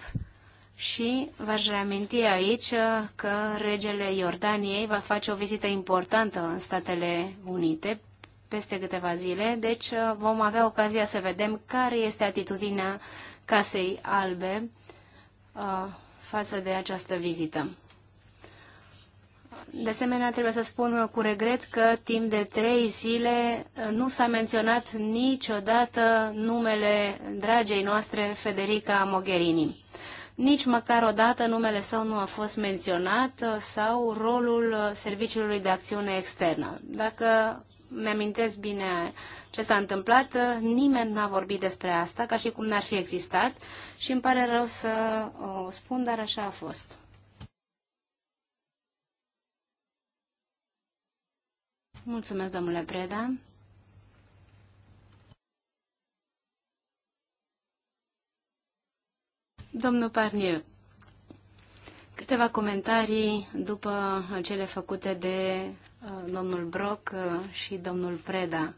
și v-aș reaminti aici că regele Iordaniei va face o vizită importantă în Statele Unite peste câteva zile, deci vom avea ocazia să vedem care este atitudinea Casei Albe uh, față de această vizită. De asemenea, trebuie să spun cu regret că timp de trei zile uh, nu s-a menționat niciodată numele dragei noastre Federica Mogherini. Nici măcar o dată numele său nu a fost menționat uh, sau rolul uh, Serviciului de Acțiune Externă. Dacă mi-amintesc bine ce s-a întâmplat, nimeni n-a vorbit despre asta, ca și cum n-ar fi existat și îmi pare rău să o spun, dar așa a fost. Mulțumesc, domnule Preda. Domnul Parniu, câteva comentarii după cele făcute de uh, domnul Broc uh, și domnul Preda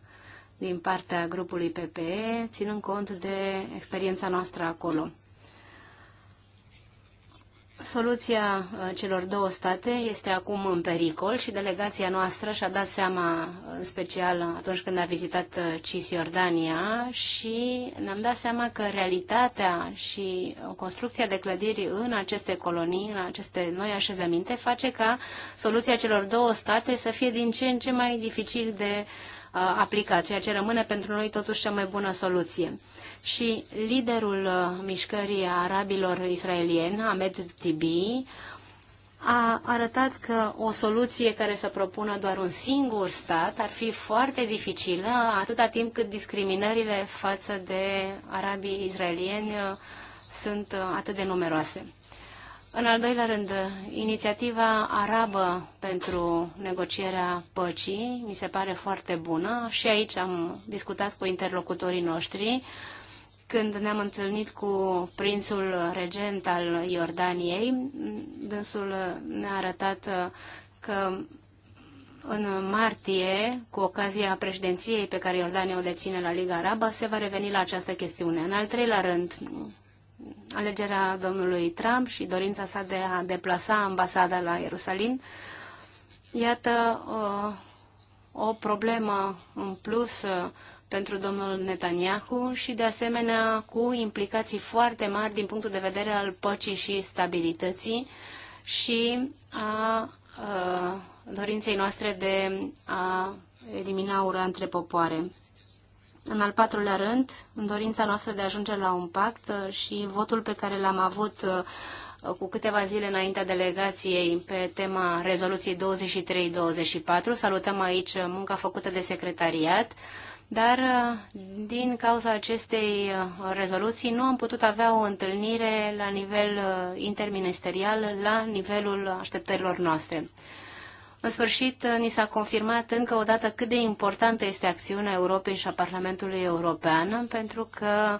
din partea grupului PPE, ținând cont de experiența noastră acolo. Soluția uh, celor două state este acum în pericol și delegația noastră și-a dat seama, uh, în special atunci când a vizitat uh, Cisjordania și ne-am dat seama că realitatea și construcția de clădiri în aceste colonii, în aceste noi așezăminte, face ca soluția celor două state să fie din ce în ce mai dificil de uh, Uh, aplicat, ceea ce rămâne pentru noi totuși cea mai bună soluție. Și liderul uh, mișcării arabilor israelieni, Ahmed Tibi, a arătat că o soluție care să propună doar un singur stat ar fi foarte dificilă atâta timp cât discriminările față de arabii israelieni uh, sunt atât de numeroase. În al doilea rând, inițiativa arabă pentru negocierea păcii mi se pare foarte bună și aici am discutat cu interlocutorii noștri când ne-am întâlnit cu prințul regent al Iordaniei. Dânsul ne-a arătat uh, că în martie, cu ocazia președinției pe care Iordania o deține la Liga Arabă, se va reveni la această chestiune. În al treilea rând, alegerea domnului Trump și dorința sa de a deplasa ambasada la Ierusalim. Iată o, uh, o problemă în plus uh, pentru domnul Netanyahu și, de asemenea, cu implicații foarte mari din punctul de vedere al păcii și stabilității și a, a uh, dorinței noastre de a elimina ura între popoare. În al patrulea rând, în dorința noastră de a ajunge la un pact uh, și votul pe care l-am avut uh, cu câteva zile înaintea delegației pe tema rezoluției 23-24, salutăm aici uh, munca făcută de secretariat, dar din cauza acestei rezoluții nu am putut avea o întâlnire la nivel interministerial, la nivelul așteptărilor noastre. În sfârșit, ni s-a confirmat încă o dată cât de importantă este acțiunea Europei și a Parlamentului European, pentru că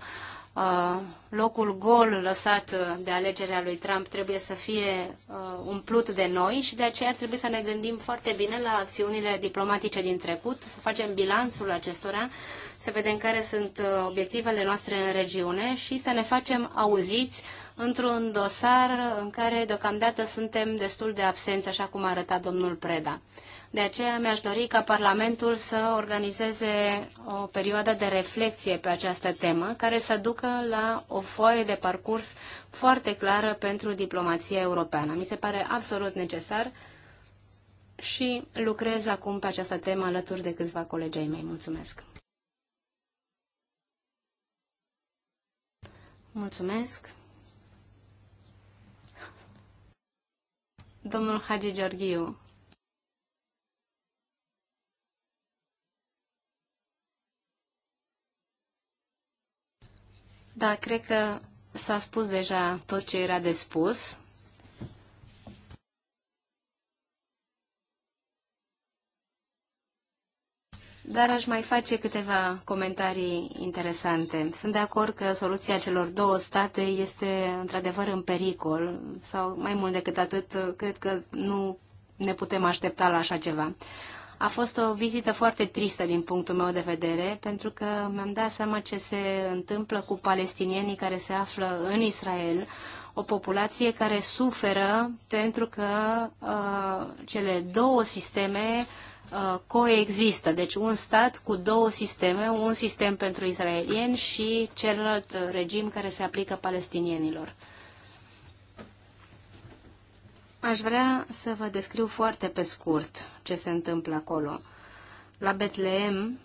uh, locul gol lăsat de alegerea lui Trump trebuie să fie uh, umplut de noi și de aceea ar trebui să ne gândim foarte bine la acțiunile diplomatice din trecut, să facem bilanțul acestora, să vedem care sunt uh, obiectivele noastre în regiune și să ne facem auziți uh, într-un dosar în care deocamdată suntem destul de absenți, așa cum a arătat domnul Preda. De aceea mi-aș dori ca Parlamentul să organizeze o perioadă de reflexie pe această temă, care să ducă la o foaie de parcurs foarte clară pentru diplomația europeană. Mi se pare absolut necesar și lucrez acum pe această temă alături de câțiva ai mei. Mulțumesc! Mulțumesc! Domnul Hagi Georgiu. Da, cred că s-a spus deja tot ce era de spus. dar aș mai face câteva comentarii interesante. Sunt de acord că soluția celor două state este într-adevăr în pericol, sau mai mult decât atât, cred că nu ne putem aștepta la așa ceva. A fost o vizită foarte tristă din punctul meu de vedere, pentru că mi-am dat seama ce se întâmplă cu palestinienii care se află în Israel, o populație care suferă pentru că uh, cele două sisteme uh, Uh, coexistă. Deci un stat cu două sisteme, un sistem pentru israelieni și celălalt regim care se aplică palestinienilor. Aș vrea să vă descriu foarte pe scurt ce se întâmplă acolo. La Betlehem,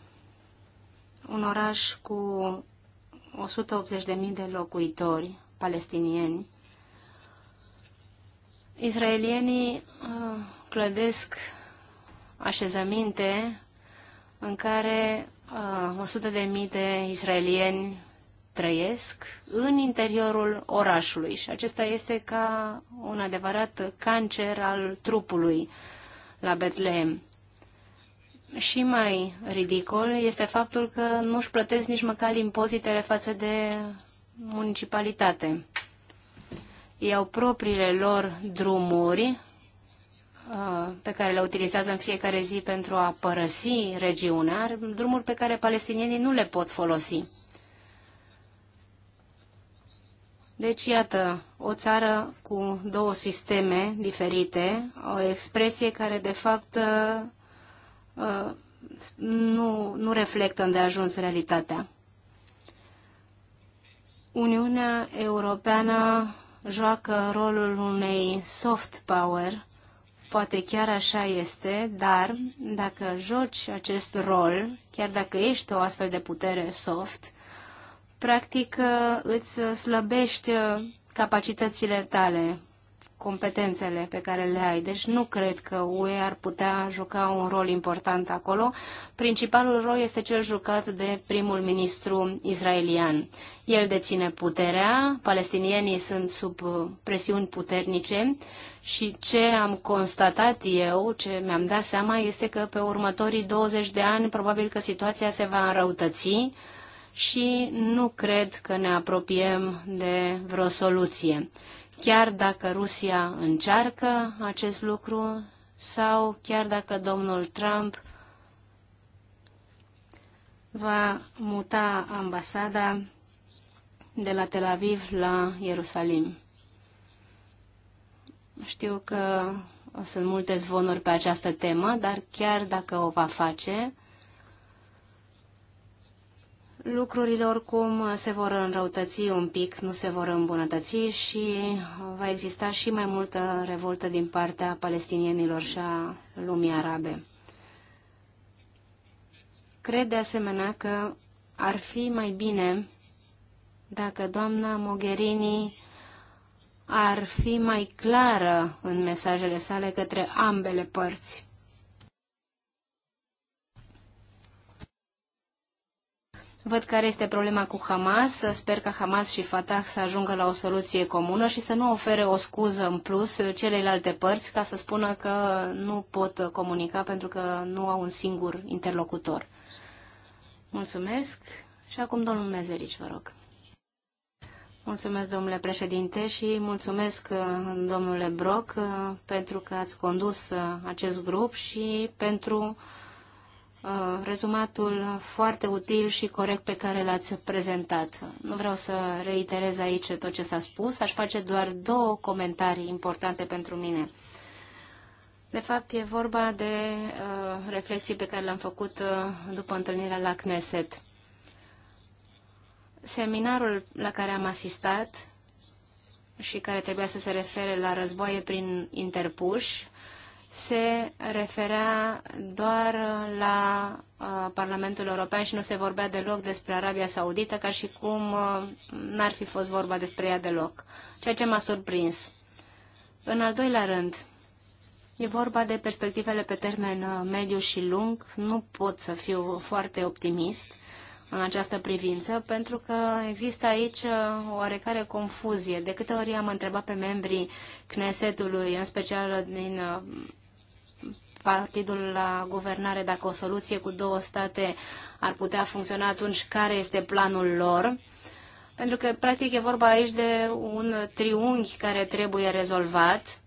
un oraș cu 180.000 de locuitori palestinieni, israelienii uh, clădesc așezăminte în care uh, 100.000 de israelieni trăiesc în interiorul orașului și acesta este ca un adevărat cancer al trupului la Betlehem. Și mai ridicol este faptul că nu își plătesc nici măcar impozitele față de municipalitate. Iau propriile lor drumuri Uh, pe care le utilizează în fiecare zi pentru a părăsi regiunea, drumuri pe care palestinienii nu le pot folosi. Deci, iată, o țară cu două sisteme diferite, o expresie care, de fapt, uh, uh, nu, nu reflectă îndeajuns realitatea. Uniunea Europeană joacă rolul unei soft power Poate chiar așa este, dar dacă joci acest rol, chiar dacă ești o astfel de putere soft, practic uh, îți slăbești uh, capacitățile tale, competențele pe care le ai. Deci nu cred că UE ar putea juca un rol important acolo. Principalul rol este cel jucat de primul ministru israelian. El deține puterea, palestinienii sunt sub uh, presiuni puternice și ce am constatat eu, ce mi-am dat seama, este că pe următorii 20 de ani probabil că situația se va înrăutăți și nu cred că ne apropiem de vreo soluție. Chiar dacă Rusia încearcă acest lucru sau chiar dacă domnul Trump va muta ambasada de la Tel Aviv la Ierusalim. Știu că sunt multe zvonuri pe această temă, dar chiar dacă o va face, lucrurile oricum se vor înrăutăți un pic, nu se vor îmbunătăți și va exista și mai multă revoltă din partea palestinienilor și a lumii arabe. Cred de asemenea că ar fi mai bine dacă doamna Mogherini ar fi mai clară în mesajele sale către ambele părți. Văd care este problema cu Hamas, sper că Hamas și Fatah să ajungă la o soluție comună și să nu ofere o scuză în plus celelalte părți ca să spună că nu pot comunica pentru că nu au un singur interlocutor. Mulțumesc și acum domnul Mezerici, vă rog. Mulțumesc, domnule președinte, și mulțumesc, uh, domnule Broc, uh, pentru că ați condus uh, acest grup și pentru rezumatul foarte util și corect pe care l-ați prezentat. Nu vreau să reiterez aici tot ce s-a spus, aș face doar două comentarii importante pentru mine. De fapt, e vorba de uh, reflexii pe care le-am făcut uh, după întâlnirea la Knesset. Seminarul la care am asistat și care trebuia să se refere la războaie prin interpuși, se referea doar la uh, Parlamentul European și nu se vorbea deloc despre Arabia Saudită, ca și cum uh, n-ar fi fost vorba despre ea deloc, ceea ce m-a surprins. În al doilea rând, e vorba de perspectivele pe termen uh, mediu și lung. Nu pot să fiu foarte optimist. Uh, în această privință, pentru că există aici o uh, oarecare confuzie. De câte ori am întrebat pe membrii Knesetului, în special din uh, partidul la guvernare, dacă o soluție cu două state ar putea funcționa atunci, care este planul lor? Pentru că, practic, e vorba aici de un triunghi care trebuie rezolvat.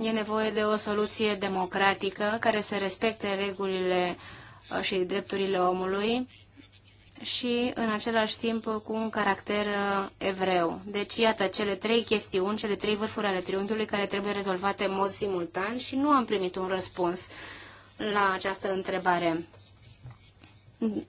E nevoie de o soluție democratică care să respecte regulile uh, Uh, și drepturile omului și în același timp cu un caracter uh, evreu. Deci, iată, cele trei chestiuni, cele trei vârfuri ale triunghiului care trebuie rezolvate în mod simultan și nu am primit un răspuns la această întrebare.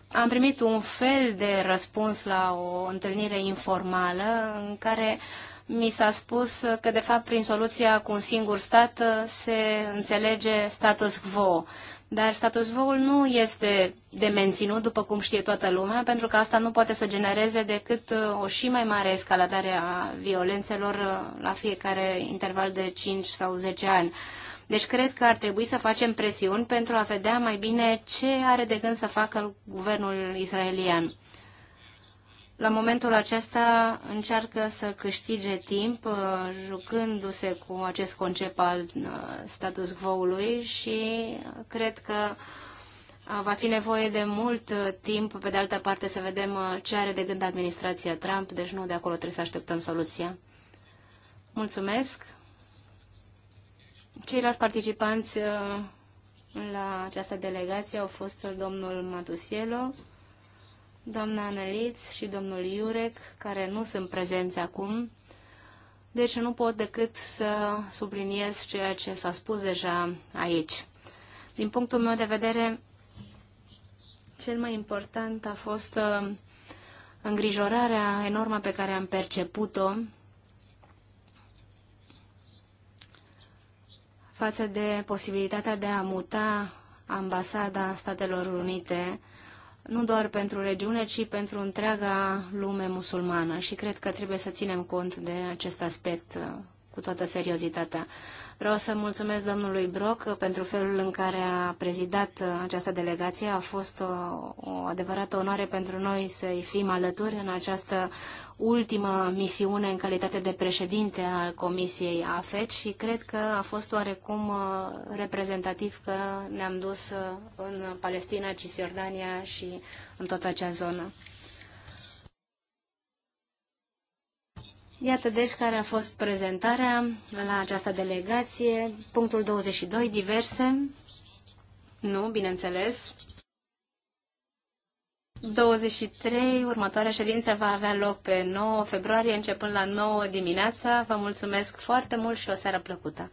Am primit un fel de răspuns la o întâlnire informală în care uh, mi s-a spus că, de fapt, prin soluția cu un singur stat uh, se înțelege status quo. Dar status quo-ul nu este de menținut, după cum știe toată lumea, pentru că asta nu poate să genereze decât uh, o și mai mare escaladare a violențelor uh, la fiecare interval de 5 sau 10 ani. Deci cred că ar trebui să facem presiuni pentru a vedea mai bine ce are de gând să facă guvernul israelian la momentul acesta încearcă să câștige timp uh, jucându-se cu acest concept al uh, status quo-ului și cred că uh, va fi nevoie de mult timp, pe de altă parte, să vedem ce are de gând administrația Trump, deci nu de acolo trebuie să așteptăm soluția. Mulțumesc. Ceilalți participanți la această delegație au fost domnul Matusielo, doamna Aneliț și domnul Iurec, care nu sunt prezenți acum, deci nu pot decât să subliniez ceea ce s-a spus deja aici. Din punctul meu de vedere, cel mai important a fost uh, îngrijorarea enormă pe care am perceput-o față de posibilitatea de a muta ambasada Statelor Unite nu doar pentru regiune, ci pentru întreaga lume musulmană și cred că trebuie să ținem cont de acest aspect uh, cu toată seriozitatea. Vreau să mulțumesc domnului Broc pentru felul în care a prezidat această delegație. A fost o, o adevărată onoare pentru noi să-i fim alături în această ultimă misiune în calitate de președinte al Comisiei AFET și cred că a fost oarecum uh, reprezentativ că ne-am dus uh, în Palestina, Cisjordania și în toată acea zonă. Iată deci care a fost prezentarea la această delegație. Punctul 22, diverse. Nu, bineînțeles. 23, următoarea ședință va avea loc pe 9 februarie, începând la 9 dimineața. Vă mulțumesc foarte mult și o seară plăcută!